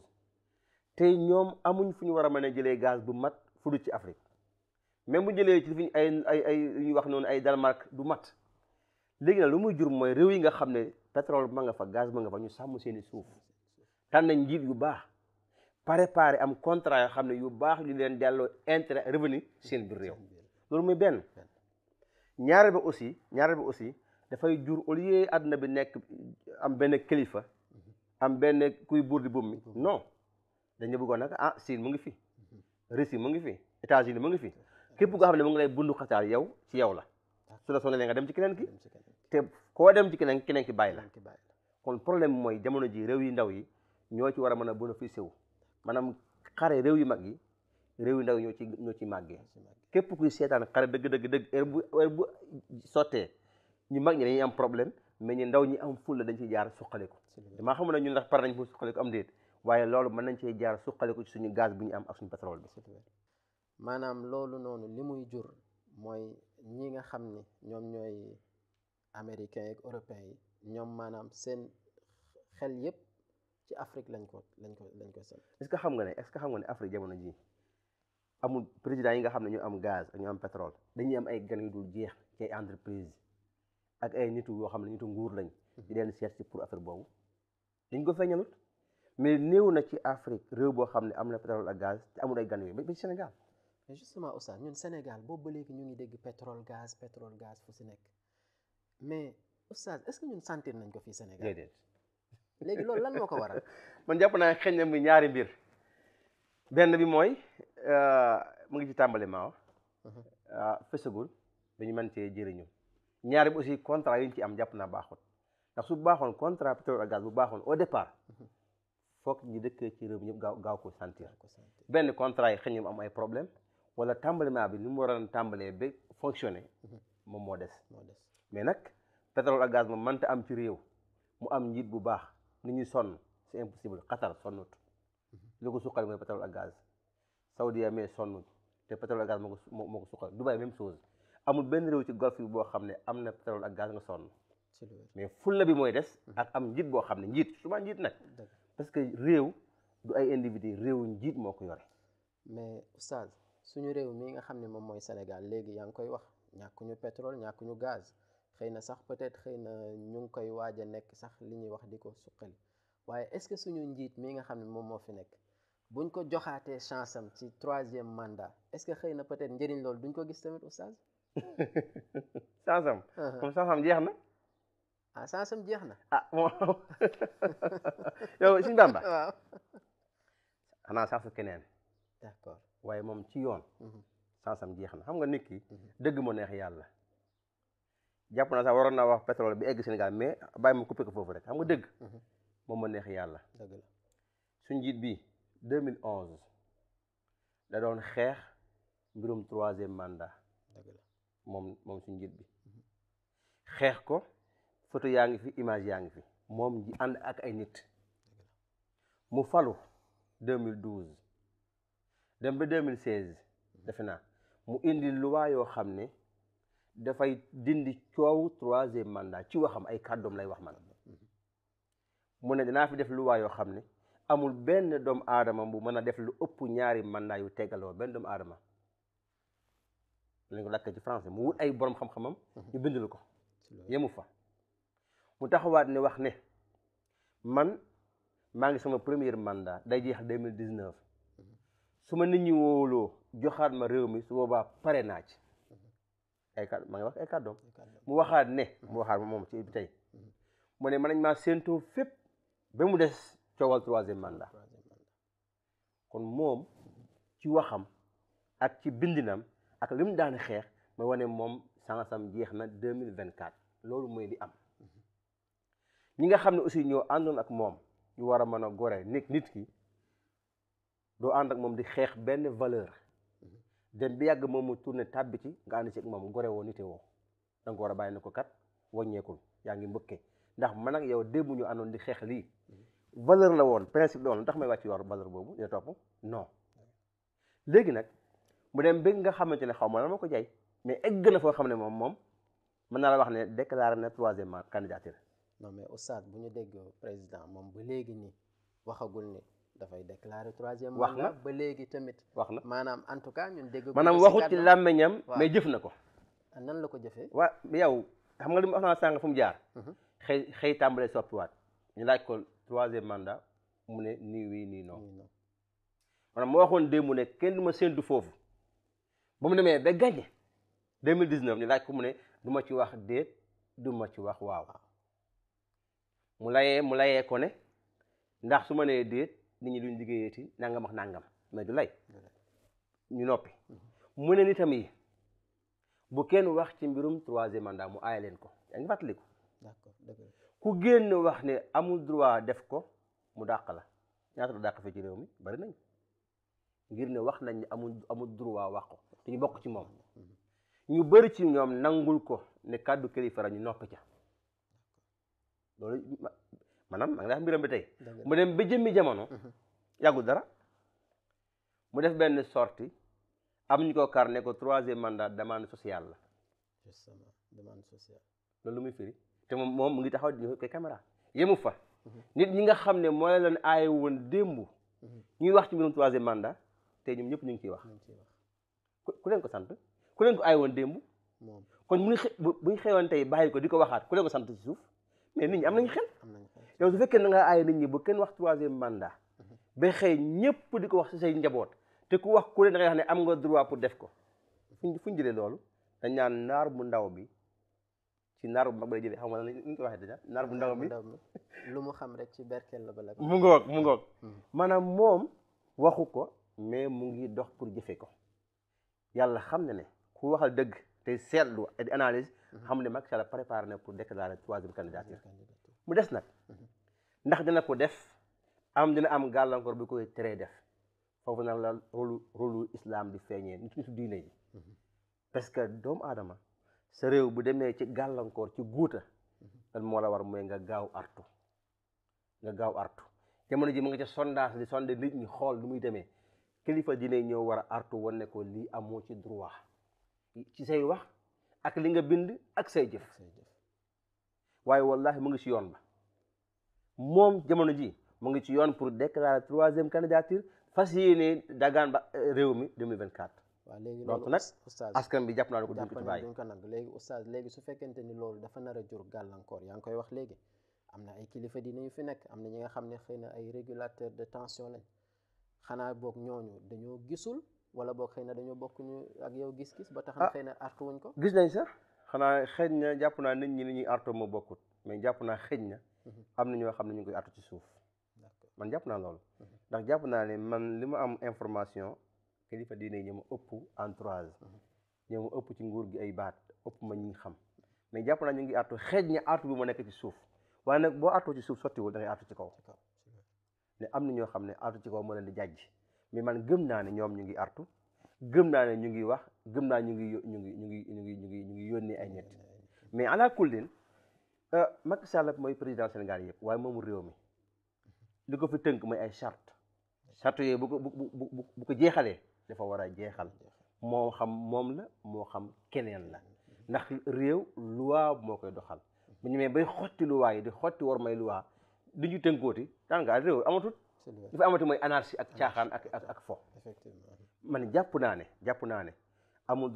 te ñoom amuñ fu ñu war a mën a jëlee gaz bu mat fu du ci Afrique même bu jëlee ci fi ay ay ay ñuy wax noonu ay Danemark du mat léegi nag lu muy jur mooy réew yi nga xam ne pétrole ma nga fa gaz ma nga fa ñu sàmm seeni suuf tànn njiit yu baax préparé am contrat yoo xam ne yu baax ñu leen delloo intérêt revenu seen biir réew loolu muy benn ñaareel ba aussi ñaareel ba aussi dafay jur au lieu àdduna bi nekk am benn kilifa am benn kuy buur di buum mi non dañu bëggoon nag ah Chine mu ngi fi Russie mu ngi fi États-Unis mu ngi fi képp koo xam ne mu ngi lay bundu xataar yow ci yow la su la sonalee nga dem ci keneen ki te koo dem ci keneen keneen ki bàyyi la kon problème mooy jamono ji réew yi ndaw yi ñoo ci war a mën a bénéficier wu maanaam xare réew yu mag yi réew yu ndaw ñoo ci ñoo ci màggee képp kuy seetaan xare dëgg dëgg dëgg heure bu sottee ñu mag ñi dañuy am problème mais ñi ndaw ñi am fulla dañ ciy jaar suqaliku damaa xamul ne ñun ndax pare nañ pour suqaliku am déet loolu mën nañ cee jaar suqaliku ci suñu gaz bu ñu am ak suñu pétrole maanaam loolu noonu li muy jur mooy ñi nga xam ni ñoom ñooy américains ak européens yi ñoom maanaam seen xel yépp ci Afrique lañ ko lañ ko lañ ko seen est xam nga ne est-ce que xam nga ne Afrique jamono ji amul président yi nga xam ne ñu am gaz ak am pétrole dañuy am ay gan yu dul jeex ci ay entreprise ak ay nitu yoo xam ne nitu nguur lañ. Mhm. di leen seet si pour affaire boobu. dañ ko feeñalut mais néew na ci Afrique réew boo xam ne am na pétrole ak gaz te ay gan yooyu ba ci Sénégal. mais justement ñun Sénégal boobu ba léegi ñu ngi dégg pétrole gaz pétrole gaz si nekk mais Oustaz est que ñun sentir nañ ko fii Sénégal. léegi loolu lan moo ko waral. man jàpp naa xëy na muy ñaari mbir. benn bi mooy euh, mu ngi ci tàmbali ma wax. Mhm. Euh, fësagul dañu mën cee jëriñu. ñaar bi aussi contrat yi ñu ci am jàpp naa baaxut ndax su baaxoon contra pétrole a gaz bu baaxoon au départ foog ñi dëkkee ci réew ñëpp gaaw gaaw ko sentir benn contrat yi xëy am ay problème wala tàmbalement bi ni mu waroon tàmbalee ba fonctionner mhm. moom moo des mais nag pétrole ak gaz moom mënta am ci réew mu am njiit bu baax ni ñuy sonn c'est impossible Qatar sonnut mhm. li ko suqal mooy pétrole a gaz Saudi Arabie sonn te pétrole a gaz moo ko moo ko suqal Dubaï même chose amul benn réew ci golf bi boo xam ne am na pétrole ak gaz nga sonn mais fulla bi mooy des ak am njiit boo xam ne njiit souvent njiit nag parce que réew du ay individu réewu njiit moo ko yore mais oustaz suñu réew mii nga xam ne moom mooy Sénégal léegi yaa ngi koy wax ñàkkuñu pétrole ñàkkuñu gaz xëy na sax peut-être xëy na ñu ngi koy waaj a nekk sax li ñuy wax di ko suqali waaye est-ce que suñu njiit mii nga xam ne moom moo fi nekk buñ ko joxaatee chance am ci troisième mandat est-ce que xëy na peut-être njëriñ loolu duñ ko gis tamit oustaz sansam. moom sansam jeex na. ah sansam jeex na. ah moom yow keneen. d'accord waaye moom ci yoon. sansam jeex na xam nga nit dëgg moo neex yàlla. jàpp na sax waroon na wax pétrole bi egg Sénégal mais bàyyi ma coupé ko foofu rek xam nga dëgg. moom moo neex yàlla. dëgg la njiit bi 2011 da doon xeex mbirum troisième mandat. dëgg moom moom suñu njiit bi xeex ko photo yaa ngi fi image yaa ngi fi moom ji ànd ak ay nit mu falu 2012 dem ba 2016 defe naa mu indi loi yoo xam ne dafay dindi coow troisième mandat ci waxam ay kàddoom lay wax man mu ne danaa fi def loi yoo xam ne amul benn doom aadama bu mën a def lu ëpp ñaari mandat yu tegaloo benn doomu aadama lañ ko làkkee ci français mu wut ay borom xam-xamam mhm. ñu bindal ko yemu fa mu taxawaat ne wax ne man maa ngi sama première mandat day jeex deux mille dix neuf mhm. su ma nit ñi wóoloo joxaat ma réew mi su boobaa pare naa ci mhm. ay kàddu ma ngi wax ay kàddoom mu waxaat ne mu waxaat moom ci bi tey mu ne man nañ maa séentoo fépp ba mu des coowal troisième mandat kon moom ci waxam ak ci bindinam ak li mu daan xeex ma wane moom sansam jeex na deux mille vingt quatre loolu mooy di am ñi nga xam ne aussi ñoo àndoon ak moom ñu war a mën a gore nit nit ki doo ànd ak moom di xeex benn valeur dem bi yàgg moom mu tourné tàbbi ci nga ànd ci ak moom gore woo nite woo danga war a bàyyi na ko kat wàññeekul yaa ngi mbëkkee ndax man ak yow démb ñu àndoon di xeex lii valeur la woon principe loolu woon lu tax may wàcc yor valeur boobu dina topp non nag mu dem bëgg nga xamante ne xaw ma lan ma ko jaay mais egg na foo xam ne moom moom mën naa la wax ne déclaré na troisième candidature. non mais oustaz bu ñu dégg président moom ba léegi nii waxagul ni dafay déclaré troisième mandat. wax na ba léegi tamit. wax na maanaam en tout cas ñun dégg. maanaam waxut ci làmmeñam mais jëf na ko. Ah, nan la ko jëfee. waa yow xam nga li mu wax naa fu mu jaar. Mhm. xëy xëy tàmbalee soppiwaat ñu laaj ko troisième mandat mu ne nii oui nii non. maanaam moo waxoon démb ne kenn du ma séntu foofu. ba mu demee ba gagné 2019 ñu laaj ko mu ne du ma ci wax déet du ma ci wax waaw mu yee mu layee ko ne ndax su ma nee déet nit ñi duñ ti nangam wax nangam mais du ñu noppi mu ne nitam yi bu kenn wax ci mbirum troisième mandat mu aaye leen ko yaa ngi fàttaliku ku génn wax ne amul droit def ko mu dàq la ñaata la dàq fi ci réew mi bari nañ ngir ne wax nañ ne amul amul droit wax ko te ñu bokk ci moom ñu bëri ci ñoom nangul ko ne kàddu kilifa la ñu noppi ca loolu maanaam ma ngi lay mbiram bi tey mu dem ba jëmmi jamono mhm. yàggul dara mu def benn sorti am ñu ko kar ne ko troisième mandat demande sociale la demande sociale loolu muy firi te moom moom mu ngi taxaw di koy caméra yemu fa mhm. nit ñi nga xam ne mooy leen aaye woon démb mhm. ñuy wax ci mbirum troisième mandat tey ñoom ñëpp ñu ngi ciy wax ku leen ko sant ku leen ko aay woon démb kon mu buñu xewoon tey bàyyi ko di ko waxaat ku leen ko sant ci suuf mais nit ñi am nañ xel yow su fekkee na nga aay nit ñi ba kenn wax troisième mandat mhm. ba xëy ñëpp di ko wax ci say njaboot te ku wax ku leen da wax ne am nga droit pour def ko fu fuñ jëlee loolu dañ naan naar bu ndaw bi ci naar bu mag ba jëlee xam nga ni ñu ko waxee déjà bu ndaw bi lu mu xam rek ci berkel la ba mu ngoog mu ngoog mhm. maanaam moom waxu ko mais mu ngi dox pour jëfe ko yàlla xam na ne ku a dëgg te seetlu di analyse mhm. xam ne Macky Sall préparé na pour déclarer troisième candidature mu des nag mhm. ndax dina ko def am dina am gàllankoor bu koy teree def foofu nag la rôlu rôlu islam di feeñee nit nitu diine yi mhm. parce que doomu aadama sa réew bu demee ci gàllankoor ci guuta la moo la war mooy nga gaaw artu nga gaaw artu jamono ji mu nga ca sondage di sonde nit ñi xool nu muy demee kilifa dina ñëw war a artu woon ne ko lii amoo ci droit ci say wax ak li nga bind ak say jëf waaye wallahi mu ngi ci yoon ba moom jamono ji mu ngi ci yoon pour déclarer troisième candidature fas yéene dagaan ba euh, réew mi 2024. waaw léegi loolu nag askan bi jàpp naa ne ko duñ ko ci bàyyi ko nag léegi oustaz léegi su fekkente ni loolu dafa nara jur gàllankoor yaa ngi koy wax léegi am na ay kilifa dinañu fi nekk am na ñi nga xam ne xëy na ay régulateur de tension lañ xanaa boog ñooñu dañoo gisul wala boog xëy na dañoo bokkuñu ak yow gis-gis. ba tax na ah. xëy na artuwuñ ko. gis nañ sax xanaa xëy na jàpp naa nit ñi li ñuy moo bokkut mais jàpp naa xëy na mhm. am na ñoo xam ne ñu ngi koy artu ci suuf. man jàpp naa loolu. Mhm. ndax jàpp naa ne man li ma am information kilifa diine ñoo ma ëpp entourage. Mhm. ñoo ëpp ci nguur gi ay baat ëpp ma ñu xam mais jàpp naa ñu ngi artu xëy na artu bi ma nekk ci suuf waaye nag boo artoo ci suuf sottiwul da ngay artu ci kaw. ne am na ñoo xam ne artu ci koo moo leen di jàjj mii man gëm naa ne ñoom ñu ngi artu gëm naa ne ñu ngi wax gëm naa ñu ngi ñu ngi ñu ngi ñu ngi ñu ngi ñu ngi yónnee ay nit mais ala kullin euh, Macky Sall mooy président Sénégal yëpp waaye moomu réew mi li ko fi tënk mooy ay charte charte yooyu bu ko bu bu bu ko jeexalee dafa war a jeexal moo xam moom la moo xam keneen la ndax réew loi moo koy doxal bu ñu mee bay xotti loi yi di xotti war may loi du ñu tënkooti daanaka réew amatul. dafa amati mooy anarchie ak caaxaan ak ak ak fo. effectivement man jàpp naa ne jàpp naa ne amul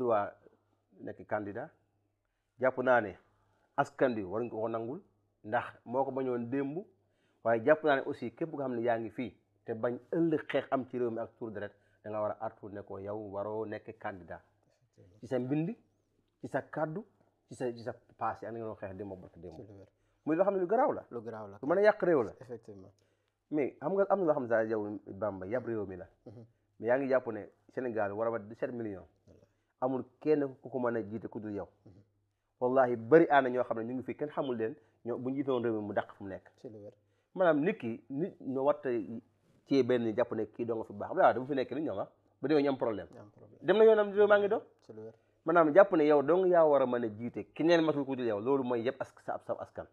nekk candidat jàpp naa ne askan wi waruñ ko ko nangul ndax moo ko bañoon démb waaye jàpp naa ne aussi képp nga xam ne yaa ngi fi te bañ ëllëg xeex am ci réew mi ak tur deret da nga war a artu ne ko yow waroo nekk candidat ci sa mbind ci sa kàddu ci sa ci sa passé ak na nga doon xeex barka démb muy loo xam ne lu garaaw la. lu garaaw la lu a yàq la. effectivement mais xam nga am na loo xam ne daal yow Bamba yab réew mi la. Mhm. mais yaa ngi jàpp ne Sénégal war a mat 17 millions. amul kenn ku ko mën a jiite ku dul yow. Mhm. wallahi bëri aana ñoo xam ne ñu ngi fi kenn xamul leen ñoo bu ñu jiitoon réew mi mu dàq fu mu nekk. maanaam nit ki nit ñoo war ci benn jàpp ne kii doo nga fi baax xam nga dafa fi nekk ni ñoom ah ba déwén ñu am problème. dem na yoonam réew maa ngi doon. maanaam jàpp na yow dong yaa war a mën a jiite keneen matul ko dul yow loolu mooy yëpp as sa ab sa askan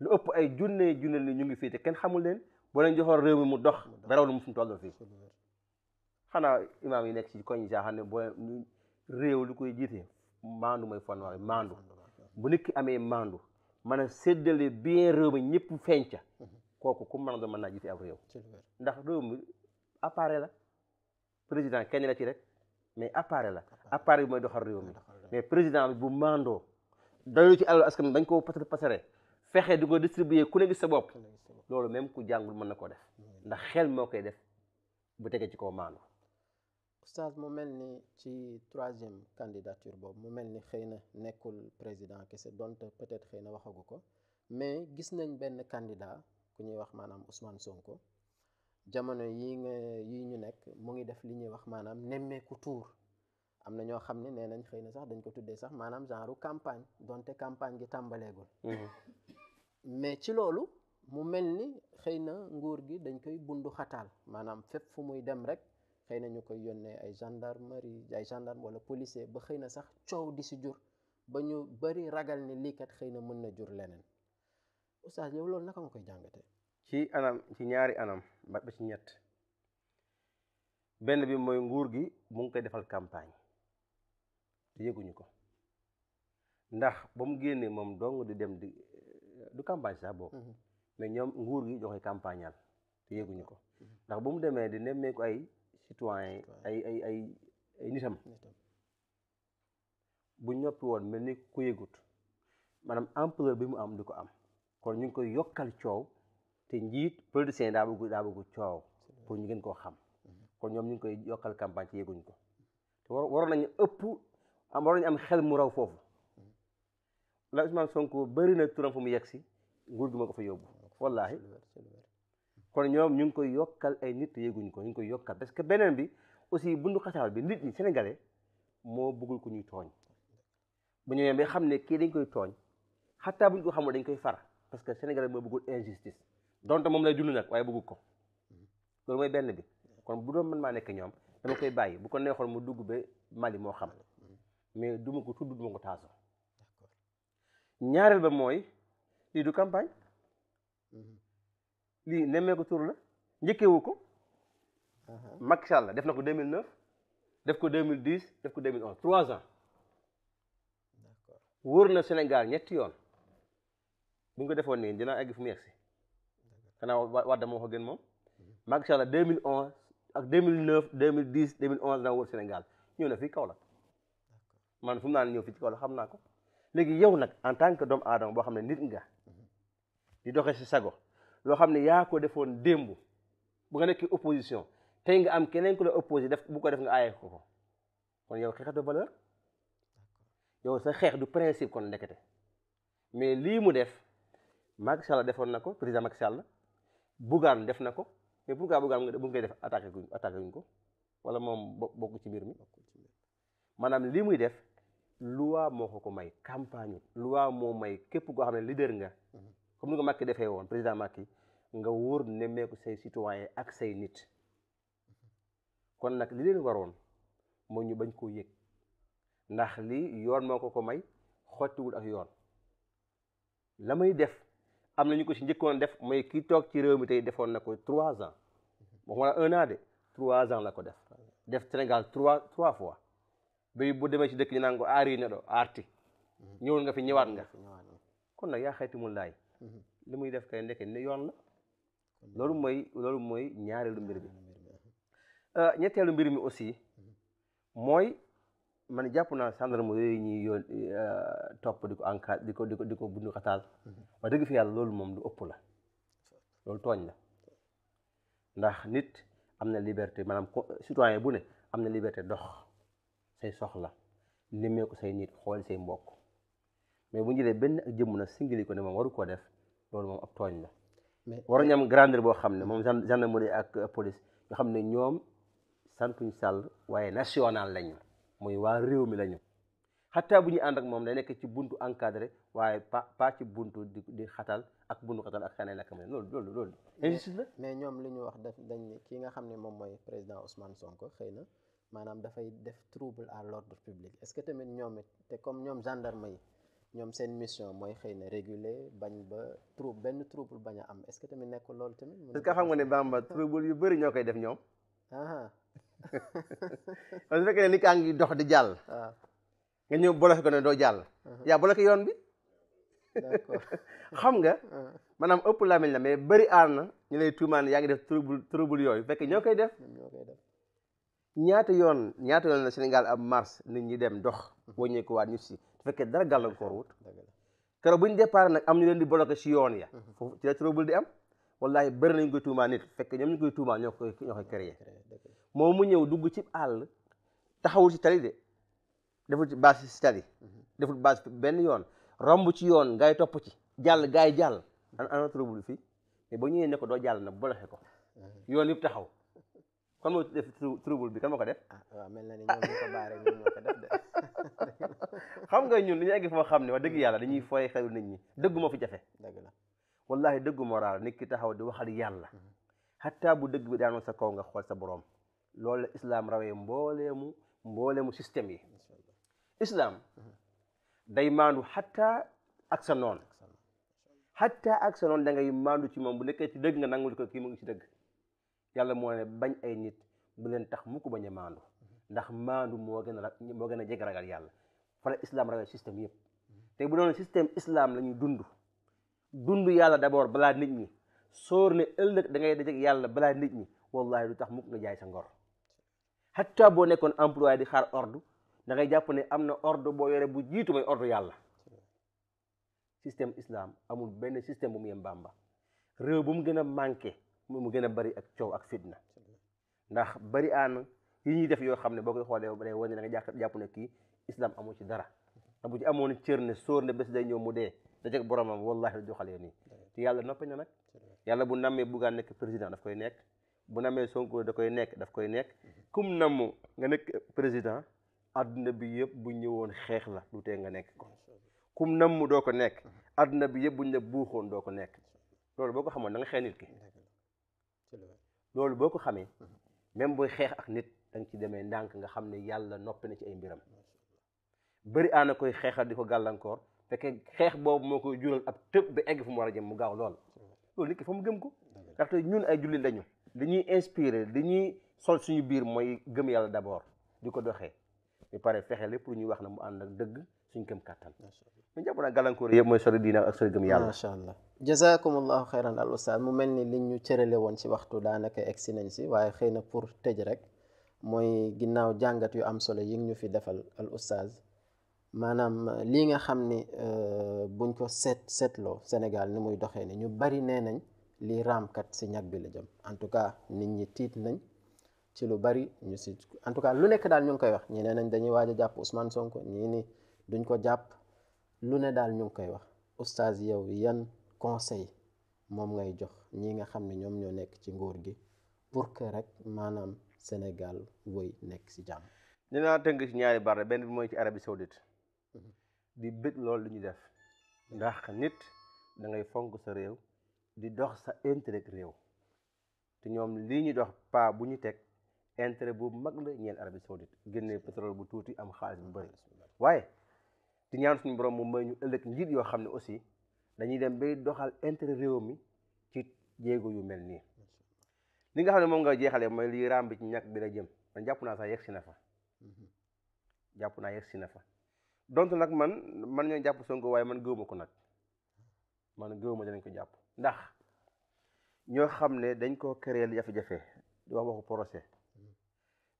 lu ëpp ay junne junne ni ñu ngi fii kenn xamul leen boo leen joxoon réew mi mu dox beraw lu mu suñu toll fii xanaa imaam yi nekk ci koñ yi xam ne boo réew lu koy jiite maandu mooy fondement bi maandu bu nit amee maandu mën a séddale bien réew mi ñëpp fenca kooku ku man a doon mën naa jiite ab réew ndax réew mi appareil la président kenn la ci rek mais appareil la appareil bi mooy doxal réew mi mais président bi bu mandoo doylu ci alalu askan bañ koo pasar pasare fexe di ko distribuer ku ne gis sa bopp loolu même ku jàngul mën na koo def ndax xel moo koy def bu tegee ci kaw maandu oustaz mu mel ni ci troisième candidature boobu mu mel ni xëy na nekkul président kese donte peut-être xëy na waxagu ko mais gis nañ benn candidat ku ñuy wax maanaam Ousmane Sonko jamono yi nga yi ñu nekk mu ngi def li ñuy wax maanaam nemmeeku tuur am na ñoo xam ne nee nañ xëy na sax dañ ko tuddee sax maanaam genre campagne donte campagne gi tàmbaleegul. Mm-hmm. mais ci loolu mu mel ni xëy na nguur gi dañ koy bundu xataal maanaam fépp fu muy dem rek xëy na ñu koy yónnee ay gendarmerie ay gendarme wala policier ba xëy na sax coow di si jur ba ñu bëri ragal ni lii xëy na mën na jur leneen oustaz yow loolu naka nga koy jàngatee. ci anam ci ñaari anam ba ci ñett benn bi mooy nguur gi mu ngi koy defal campagne. te ñu ko ndax ba mu génnee moom dong di dem di du campagne sax boobu. Mhm. mais ñoom nguur gi joxe campagnal te yëguñu ko mhm. ndax ba mu demee di nemmeeku ay citoyen ay ay ay ay nitam bu ñoppi woon mel ni ku yëgut maanaam ampleur bi mu am di ko am kon ñu ngi koy yokkal coow te njiit politicien daa bëgg daa bëgg coow pour ñu gën koo xam mhm. kon ñoom ñu ngi koy yokkal campagne ci yëguñ ko te waroon nañu ëpp am waroon am xel mu raw foofu la Ousmane Sonko bëri na turam fu mu yegg si nguur gi ma ko fa yóbbu wallaahi kon ñoom ñu ngi koy yokkal ay nit yéeguñ ko ñu ngi koy yokkal parce que beneen bi aussi bundu xataal bi nit ñi sénégalais moo bëggul ko ñuy tooñ bu ñu yemee xam ne kii dañ koy tooñ xataa buñ ko xamul dañ koy far parce que sénégalais moo bëggul injustice dont moom lay dund nag waaye bëggul ko loolu mooy benn bi kon bu doon man maa nekk ñoom dama koy ko neexoon mu dugg ba Mali moo xam mais du ma ko tudd du ma ko taasu. d'accord ba mooy lii du campagne mhm. lii nemmee nemmeeku tur la njëkkewu ko. Macky Sall def na ko 2009 def ko 2010 def ko 2011 trois ans. d'accord wër na Sénégal ñetti yoon bu ñu ko defoon nii dina egg fu mu yegg si. xanaa Wade moo ko gën moom. Mhm. Macky Sall 2011 ak 2009 2010 2011 dina wër senegal ñëw na fii Kaolack. man fu naan ñëw fii ci kaw la xam naa ko léegi yow nag en tant que doomu aadama boo xam ne nit nga di doxe si sago loo xam ne yaa ko defoon démb bu nga nekk opposition tey nga am keneen ku la opposé def bu ko def nga aaye ko ko yow xeexatu valeur yow sa xeex du principe kon ndekete mais lii mu def Macky Sall defoon na ko président Macky Sall Bougane def na ko mais pourquoi Bougane bu ngay def attaqué guñ attaqué guñ ko wala moom bokk ci mbir mi maanaam lii muy def. loi moo ko ko may campagne loi moo may képp koo xam ne leader nga comme ni ko Macky defee woon président Macky nga wóor nemmeeku say citoyen ak say nit kon nag li leen waroon moo ñu bañ koo yëg ndax lii yoon moo ko ko may xottiwul ak yoon la may def am na ñu ko si njëkkoon def may kii toog ci réew mi tey defoon na ko trois ans waxuma la un an de trois ans la ko def def Sénégal trois trois fois bi bu demee ci dëkk ñu naan ko aari ne do aarti mhm. ñëwul nga fi ñëwaat nga kon na yaa xaytimul laay mhm. li muy def kay ndeke ni yoon la loolu mooy loolu mooy ñaareelu mbir bi euh, ñetteelu mbir mi aussi mhm. mooy man jàpp naa gendarme yooyu ñuy yoon euh, topp di ko encadre di ko di di ko bundu xataal wax dëgg fi yàlla loolu moom du ëpp la loolu tooñ la ndax nit am na liberté maanaam citoyen bu ne am na liberté dox say soxla nemmeeku say nit xool say mbokk mais bu ñu jëlee benn ak jëmm nag singili ko ne moom waru koo def loolu moom ab tooñ la. mais waru ñu am boo xam ne moom gendarmerie ak euh, police nga xam ne ñoom santuñ sàll waaye national lañu mooy waa réew mi lañu. xataa bu ñu ànd ak moom day nekk ci buntu encadré waaye pa paa ci buntu di di xatal ak buntu xatal ak xanaa naka loolu loolu loolu. mais ñoom li ñu wax dañ dañ ki nga xam ne moom mooy président Ousmane Sonko xëy na. maanaam dafay def trouble à de public est-ce que tamit ñoom it te comme ñoom gendarme yi ñoom seen mission mooy xëy na réguler bañ ba trouble benn trouble bañ a am est-ce que tamit nekkul loolu tamit. parce que xam nga ne Bamba trouble yu bëri koy def ñoom. su fekkee kaa ngi dox di jàll. Ah. nga ñëw bloqué ko ne doo jàll. yaa bloqué yoon bi. xam nga. Ah. maanaam ëpp laa mel na mais bëri aar na ñu lay tuumaan yaa ngi def trouble trouble yooyu fekk ñoo koy def. ñaata yoon ñaata yoon la Sénégal am mars nit ñi dem dox mhm. wàññeeku waat ñu si su fekkee dara gàllankoor wut keroog bu ñu départ nag am ñu leen di bloqué si yoon ya mhm. foofu ci la di am wallahi bëri nañ koy tuumaa nit fekk ñoom ñu koy tuumaa ñoo koy ñoo koy créé moom mu ñëw dugg ci àll taxawul si tali de deful ci base si tali mhm. deful base benn yoon romb ci yoon ngay topp ci jàll gaay jàll ana ana trouble fii mais ba ñëwee ne ko doo jàll nag bloqué ko yoon yëpp taxaw kon moo def bi kan ko def. Ah, mel na ni ñoom xam nga ñun li ñu egg foo xam ne wa dëgg yàlla dañuy fooy xelu nit ñi dëggu moo fi jafe. dëgg la wallaahi dëggu moral nit taxaw di waxal yàlla. xataa mm-hmm. bu dëgg bi daanoo sa kaw nga xool sa borom. loolu la islam rawee mbooleemu mbooleemu système yi. islam mm-hmm. day maandu xataa ak sa noon. xataa ak sa noon da ngay maandu ci moom bu nekkee ci dëgg nga nangul ko kii mu ngi ci dëgg. yàlla moo ne bañ ay nit bu leen tax mukk bañ a maandu ndax maandu moo gën a moo gën a jeg ragal yàlla fa la islam ragal système yëpp te bu doon système islam la ñuy dund dund yàlla d'abord balaa nit ñi soor ne ëllëg da ngay dajeg yàlla balaa nit ñi wallahi du tax mukk nga jaay sa ngor xatta boo nekkoon employé di xaar ordre da jàpp ne am na ordre boo yore bu jiitu mooy ordre yàlla système islam amul benn système bu mu yem bàmba réew bu mu gën a manqué mu gën a bari ak coow ak fitna ndax bari aan yi ñuy def yoo xam ne boo koy xoolee ba day wane da nga jàpp ne kii islam amu ci dara te bu ci amoon cër ne sóor ne bés day ñëw mu dee da jeg boromam wallahi la doxalee nii te yàlla noppi na nag yàlla bu namee buggaan nekk président daf koy nekk bu namee Sonko da koy nekk daf koy nekk kum namm nga nekk président adduna bi yëpp bu ñëwoon xeex la du tee nga nekk ko kum mu doo ko nekk adduna bi yëpp buñ la buuxoon doo ko nekk loolu boo ko xamoon da nga loolu boo ko xamee même booy xeex ak nit da nga ci demee ndànk nga xam ne yàlla noppi na ci ay mbiram bëri aana koy xeexal di ko gàllankoor fekkee xeex boobu moo koy jural ab tëb ba egg fu mu war a jëm mu gaaw lool loolu nit ki fa mu gëm ko ndaxte ñun ay jullit lañu li ñuy inspiré li ñuy sol suñu biir mooy gëm yàlla d'abord di ko doxee ñu pare fexe lépp lu ñuy wax na mu ànd ak dëgg suñ gëm kàttan ma jàpp naa gàllankoor yëpp mooy sori diina ak sori gëm yàlla macha allah jazakumullahu mu mel ni liñ ñu cërale woon ci waxtu daanaka egsi nañ si waaye xëy na pour tëj rek mooy ginnaaw jàngat yu am solo yi ñu fi defal al maanaam uh, lii nga xam ni uh, buñ ko seet seetloo Sénégal ni muy doxee ni ñu bari nee nañ lii raamkat si ñag bi la jëm en tout cas nit ñi tiit nañ ci lu bari ñu si en tout lu nekk daal ñu ngi koy wax ñi nee nañ dañuy waaj a jàpp Ousmane Sonko ñii ni duñ ko jàpp lu ne daal ñu ngi koy wax oustaz yow yan conseil moom ngay jox ñi nga xam ne ñoom ñoo nekk ci nguur gi pour que rek maanaam Sénégal woy nekk ci jàmm. dinaa tënk ci ñaari barre benn bi mooy ci arabi Saoudite mhm. di bëgg lool lu ñu def ndax nit da ngay fonk sa réew di dox sa intérêt réew te ñoom lii ñu dox pas bu ñu teg intérêt bu mag la ñeen Arabie Saoudite génnee pétrole bu tuuti am xaalis bu bëri waaye. di ñaan suñu borom mu may ñu ëllëg njiit yoo xam ne aussi dañuy dem bay doxal intérêt réew mi ci jéego yu mel nii ni nga xam ne moom nga jeexalee mooy lii raam bi ci ñàkk bi la jëm man jàpp naa sax yegg si na fa jàpp naa yegg si na fa donc nag man man ñoo jàpp Sonko waaye man gëwuma ko nag man gëwuma danañ ko jàpp ndax ñoo xam ne dañ koo créer jafe-jafe di wax waxu procès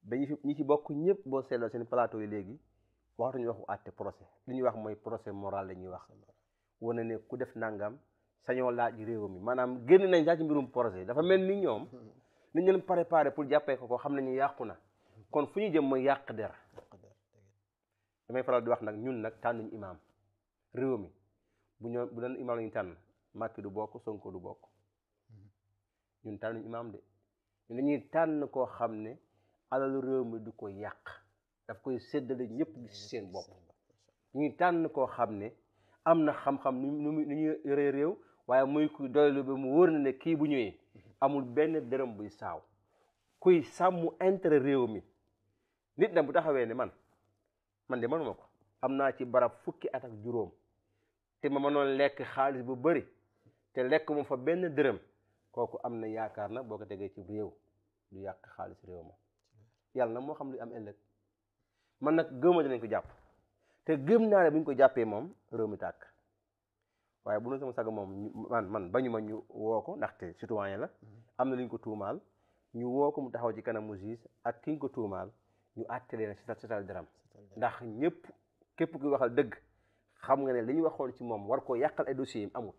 ba ñi fi ñi ci bokk ñëpp boo seetloo seen palaato yi léegi wax waxatuñu waxu att procès li ñuy wax mooy procès moral la ñuy wax wane ne ku def nangam sañoo laaj réew mi maanaam génn nañ saa mbirum procès dafa mel ni ñoom ni ñu leen préparé pour jàppee ko ko ne nañu yàqu na kon fu ñu jëm mooy yàq der damay faral di wax nag ñun nag tànnuñ imaam réew mi bu ñoo bu doon imaam la ñu tànn Macky du bokk Sonko du bokk mm-hmm. ñun tànnuñ imaam de ñu dañuy tànn koo xam ne alalu réew mi du ko yàq daf koy séddale ñëpp gis seen bopp ñu tànn koo xam ne am na xam-xam nu nu ñu yoree waaye muy ku doylu ba mu wóor na ne kii bu ñëwee amul benn dërëm buy saaw kuy sàmm intérêt réew mi nit na bu taxawee ne man man de manuma ko am naa ci barab fukki at ak juróom te ma mënoon lekk xaalis bu bari te lekk mu fa benn dërëm kooku am na yaakaar na boo ko tegee ci réew du yàq xaalis réew ma yàlla na moo xam lu am ëllëg man nag gëma dinañ ko jàpp te gëm naa ne bu ñu ko jàppee moom réew mi tàkk waaye bu nu sama sago moom man man bañu ma ñu woo ko ndaxte citoyen la mm-hmm. am na lu ñu ko tuumaal ñu woo ko mu taxaw ci kanam mu juge ak ki ñu ko tuumaal ñu àtte leen si setal deram ndax ñëpp képp kuy waxal dëgg xam nga ne li ñu waxoon ci moom war koo yàqal ay dossiers yi amut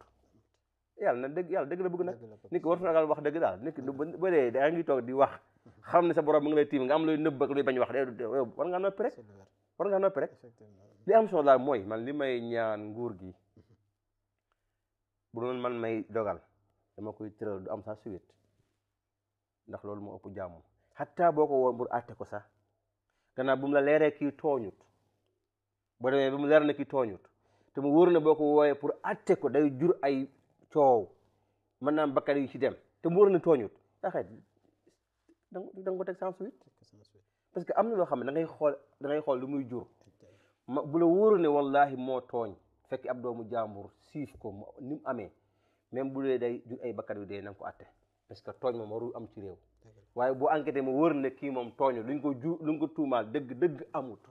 yàlla na dëgg yàlla dëgg la bëgg nag nit ki wartu ragal wax dëgg daal nit ki ba dee daa ngi toog di wax xam ne sa borom mu ngi lay tiim nga am looy nëbb ak luy bañ wax de war ngaa noppi rek war ngaa noppi li am solo laa mooy man li may ñaan nguur gi bu man may dogal dama koy tëral du am saa suite ndax loolu moo ëpp jàmm xataa boo ko woon bur àtte ko sax gannaaw bu mu la leeree kii tooñut boo demee bu mu leer na too tooñut te mu wóor na boo ko wooyee pour àtte ko day jur ay coow mën naa am bakkan yu ci dem te mu wóor na tooñut daa da nga ko teg sans suite parce que am na loo xam ne da xool da xool lu muy jur ma bu la wóoru ne wallahi moo tooñ fekk ab doomu jàmbur siif ko ni mu amee même bu dee day jur ay bakkat yu dee na ko atte parce que tooñ moom warul am ci réew waaye boo enquêté ma wóor ne kii moom tooñu luñ ko ju luñ ko tuumaal dëgg dëgg amut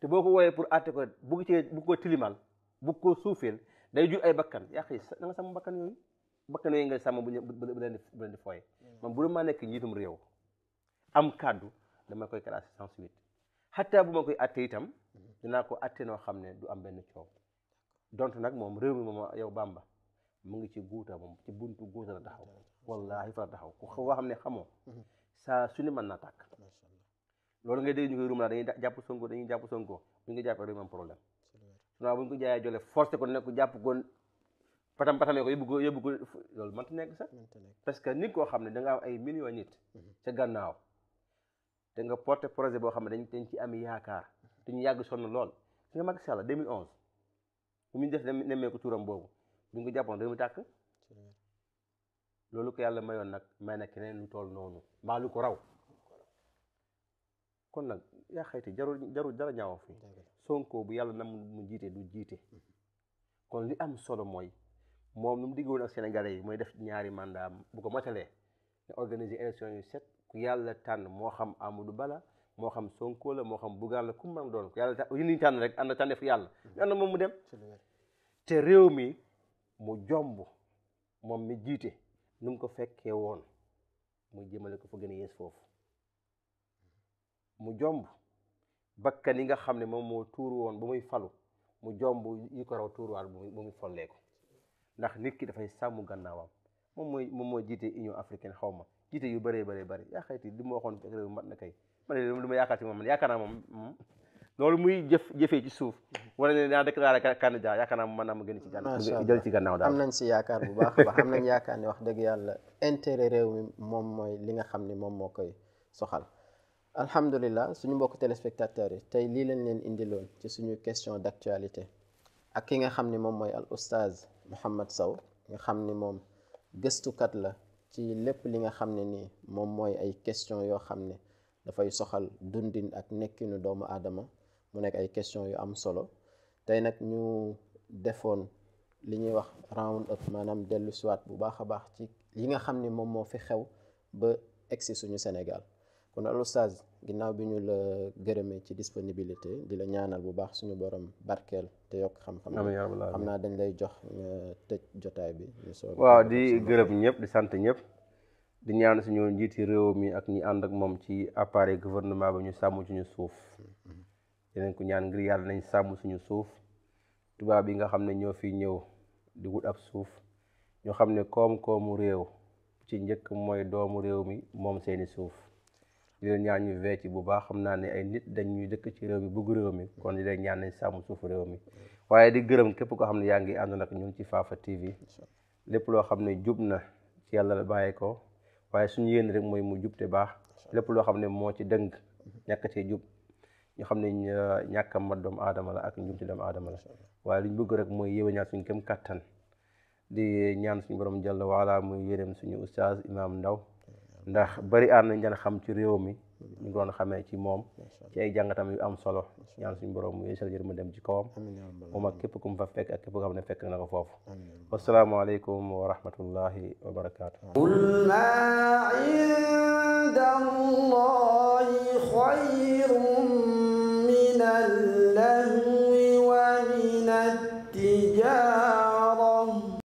te boo ko wooyee pour atte bu cee bu ko tilimal bu ko suufeel day jur ay bakkan yàq yi da nga sàmm bakkan yooyu bakkan yooyu nga sama bu leen di bu leen man bu dee maa nekk njiitum réew am kàddu dama koy classé sans suite xataa bu ma koy atte itam dinaa ko atte noo xam ne du am benn coow donc nag moom réew mi moom yow Bamba mu ngi ci guuta moom ci buntu guuta la taxaw wallaahi fa la taxaw ku koo xam ne xamoo saa su ne mën naa tàkk loolu ngay dégg ñu koy ruum laa jàpp Sonko dañuy jàpp Sonko bu ñu ko jàppee réew mi am problème sunaa bu ñu ko jaayee jole forcé ko nekk jàpp ko patam patamee ko yóbbu ko yóbbu ko loolu mënta nekk sax parce que nit koo xam ne da nga am ay million nit mm-hmm. ca gannaaw te nga porté projet boo xam ne dañ dañ ci am yaakaar te ñu yàgg na lool su nga Macky Sall 2011 bu ñu def nemmeeku turam boobu mu ñu ko jàppoon dañu tàkk loolu yàlla mayoon nag may na keneen lu toll noonu mbaa lu ko raw kon nag yaa xayti jarul jarul dara ñaaw fi Sonko bu yàlla na mu jiitee du jiite kon li am solo mooy moom lu mu diggoon ak sénégalais yi mooy def ñaari mandat bu ko matalee nga organiser élection yu set ku yàlla tànn moo xam Amadou Bala moo xam Sonko moo xam Bougane la ku mu mën doon ku yàlla tànn ñu tànn rek ànd tànneef yàlla ñu mm-hmm. ànd moom mu dem te réew mi mu jomb moom mi jiite num ko fekkee woon mu jëmale ko fa gën a foofu mu jomb bakkan yi nga xam ne moom moo tuur woon ba muy falu mu jomb yi ko raw tuurwaal ba muy follee ko ndax nit ki dafay sàmm gannaawam moom mooy moom moo jiite Union africaine xaw ma jiite yu bëree bëree bëri yaa xayti li ma waxoon mat na kay man lu ma yaakaar si moom man yaakaar naa hmm, loolu muy jëf jëfee ci suuf wala ne naa déclaré candidat yaakaar naa mën naa ma gën ci gànnaaw jël ci gànnaaw am nañ si yaakaar a am nañ yaakaar ne wax dëgg yàlla intérêt réew mi moom mooy li nga xam ne moom moo koy soxal alhamdulilah suñu mbokk téléspectateurs yi tey lii leen leen indiloon ci suñu question d'actualité ak ki nga xam ni moom mooy al oustaz Mouhamed saw nga xam ni moom gëstukat la ci lépp li nga xam ne nii moom mooy ay question yoo xam ne dafay soxal dundin ak nekkinu doomu aadama mu nekk ay question yu am solo tey nag ñu defoon li ñuy wax round up maanaam dellu siwaat bu baax a baax ci yi nga xam ni moom moo fi xew ba egsi suñu Sénégal kon al oustaz ginnaaw bi ñu la gërëmee ci disponibilité di la ñaanal bu baax suñu borom barkeel te yokk xam-xam xam naa dañ lay jox nga tëj jotaay bi ñu soog waaw di gërëb ñëpp di sant ñëpp di ñaan suñu njiiti réew mi ak ñi ànd ak moom ci appareil gouvernement bi ñu sàmm suñu suuf dinañ ko ñaan ngir yàlla nañ sàmm suñu suuf tubaab yi nga xam ne ñoo fi ñëw di wut ab suuf ñoo xam ne koom-koomu réew ci njëkk mooy doomu réew mi moom seeni suuf di ñaan ñu vee bu baax xam naa ne ay nit dañ ñuy dëkk ci réew mi bëgg réew mi kon di leen ñaan sàmm suuf réew mi waaye di gërëm képp koo xam ne yaa ngi ànd nag ñun ci Fafa lépp loo xam ne jub na ci yàlla bàyyee ko waaye suñu yéen rek mooy mu jub te baax lépp loo xam ne moo ci dëng ñàkk ci jub ñu xam ne ñàkk a mat doomu aadama la ak njub ci doomu aadama la bëgg rek mooy yéwe ñaan suñu këm kattan di ñaan suñu borom jàll waala muy yërëm suñu oustaz imam Ndaw ndax bari aan nañ daan xam ci réew mi ñu ngi xamee ci moom ci ay jàngatam yu am solo ñaan suñ borom mu yeesal jër mu dem ci kawam moom ak képp ku mu fa fekk ak képp ko xam ne fekk na ko foofu wasalaamaaleykum wa rahmatullahi wa barakaatu qul maa inda allahi xayrun min wa min attijaara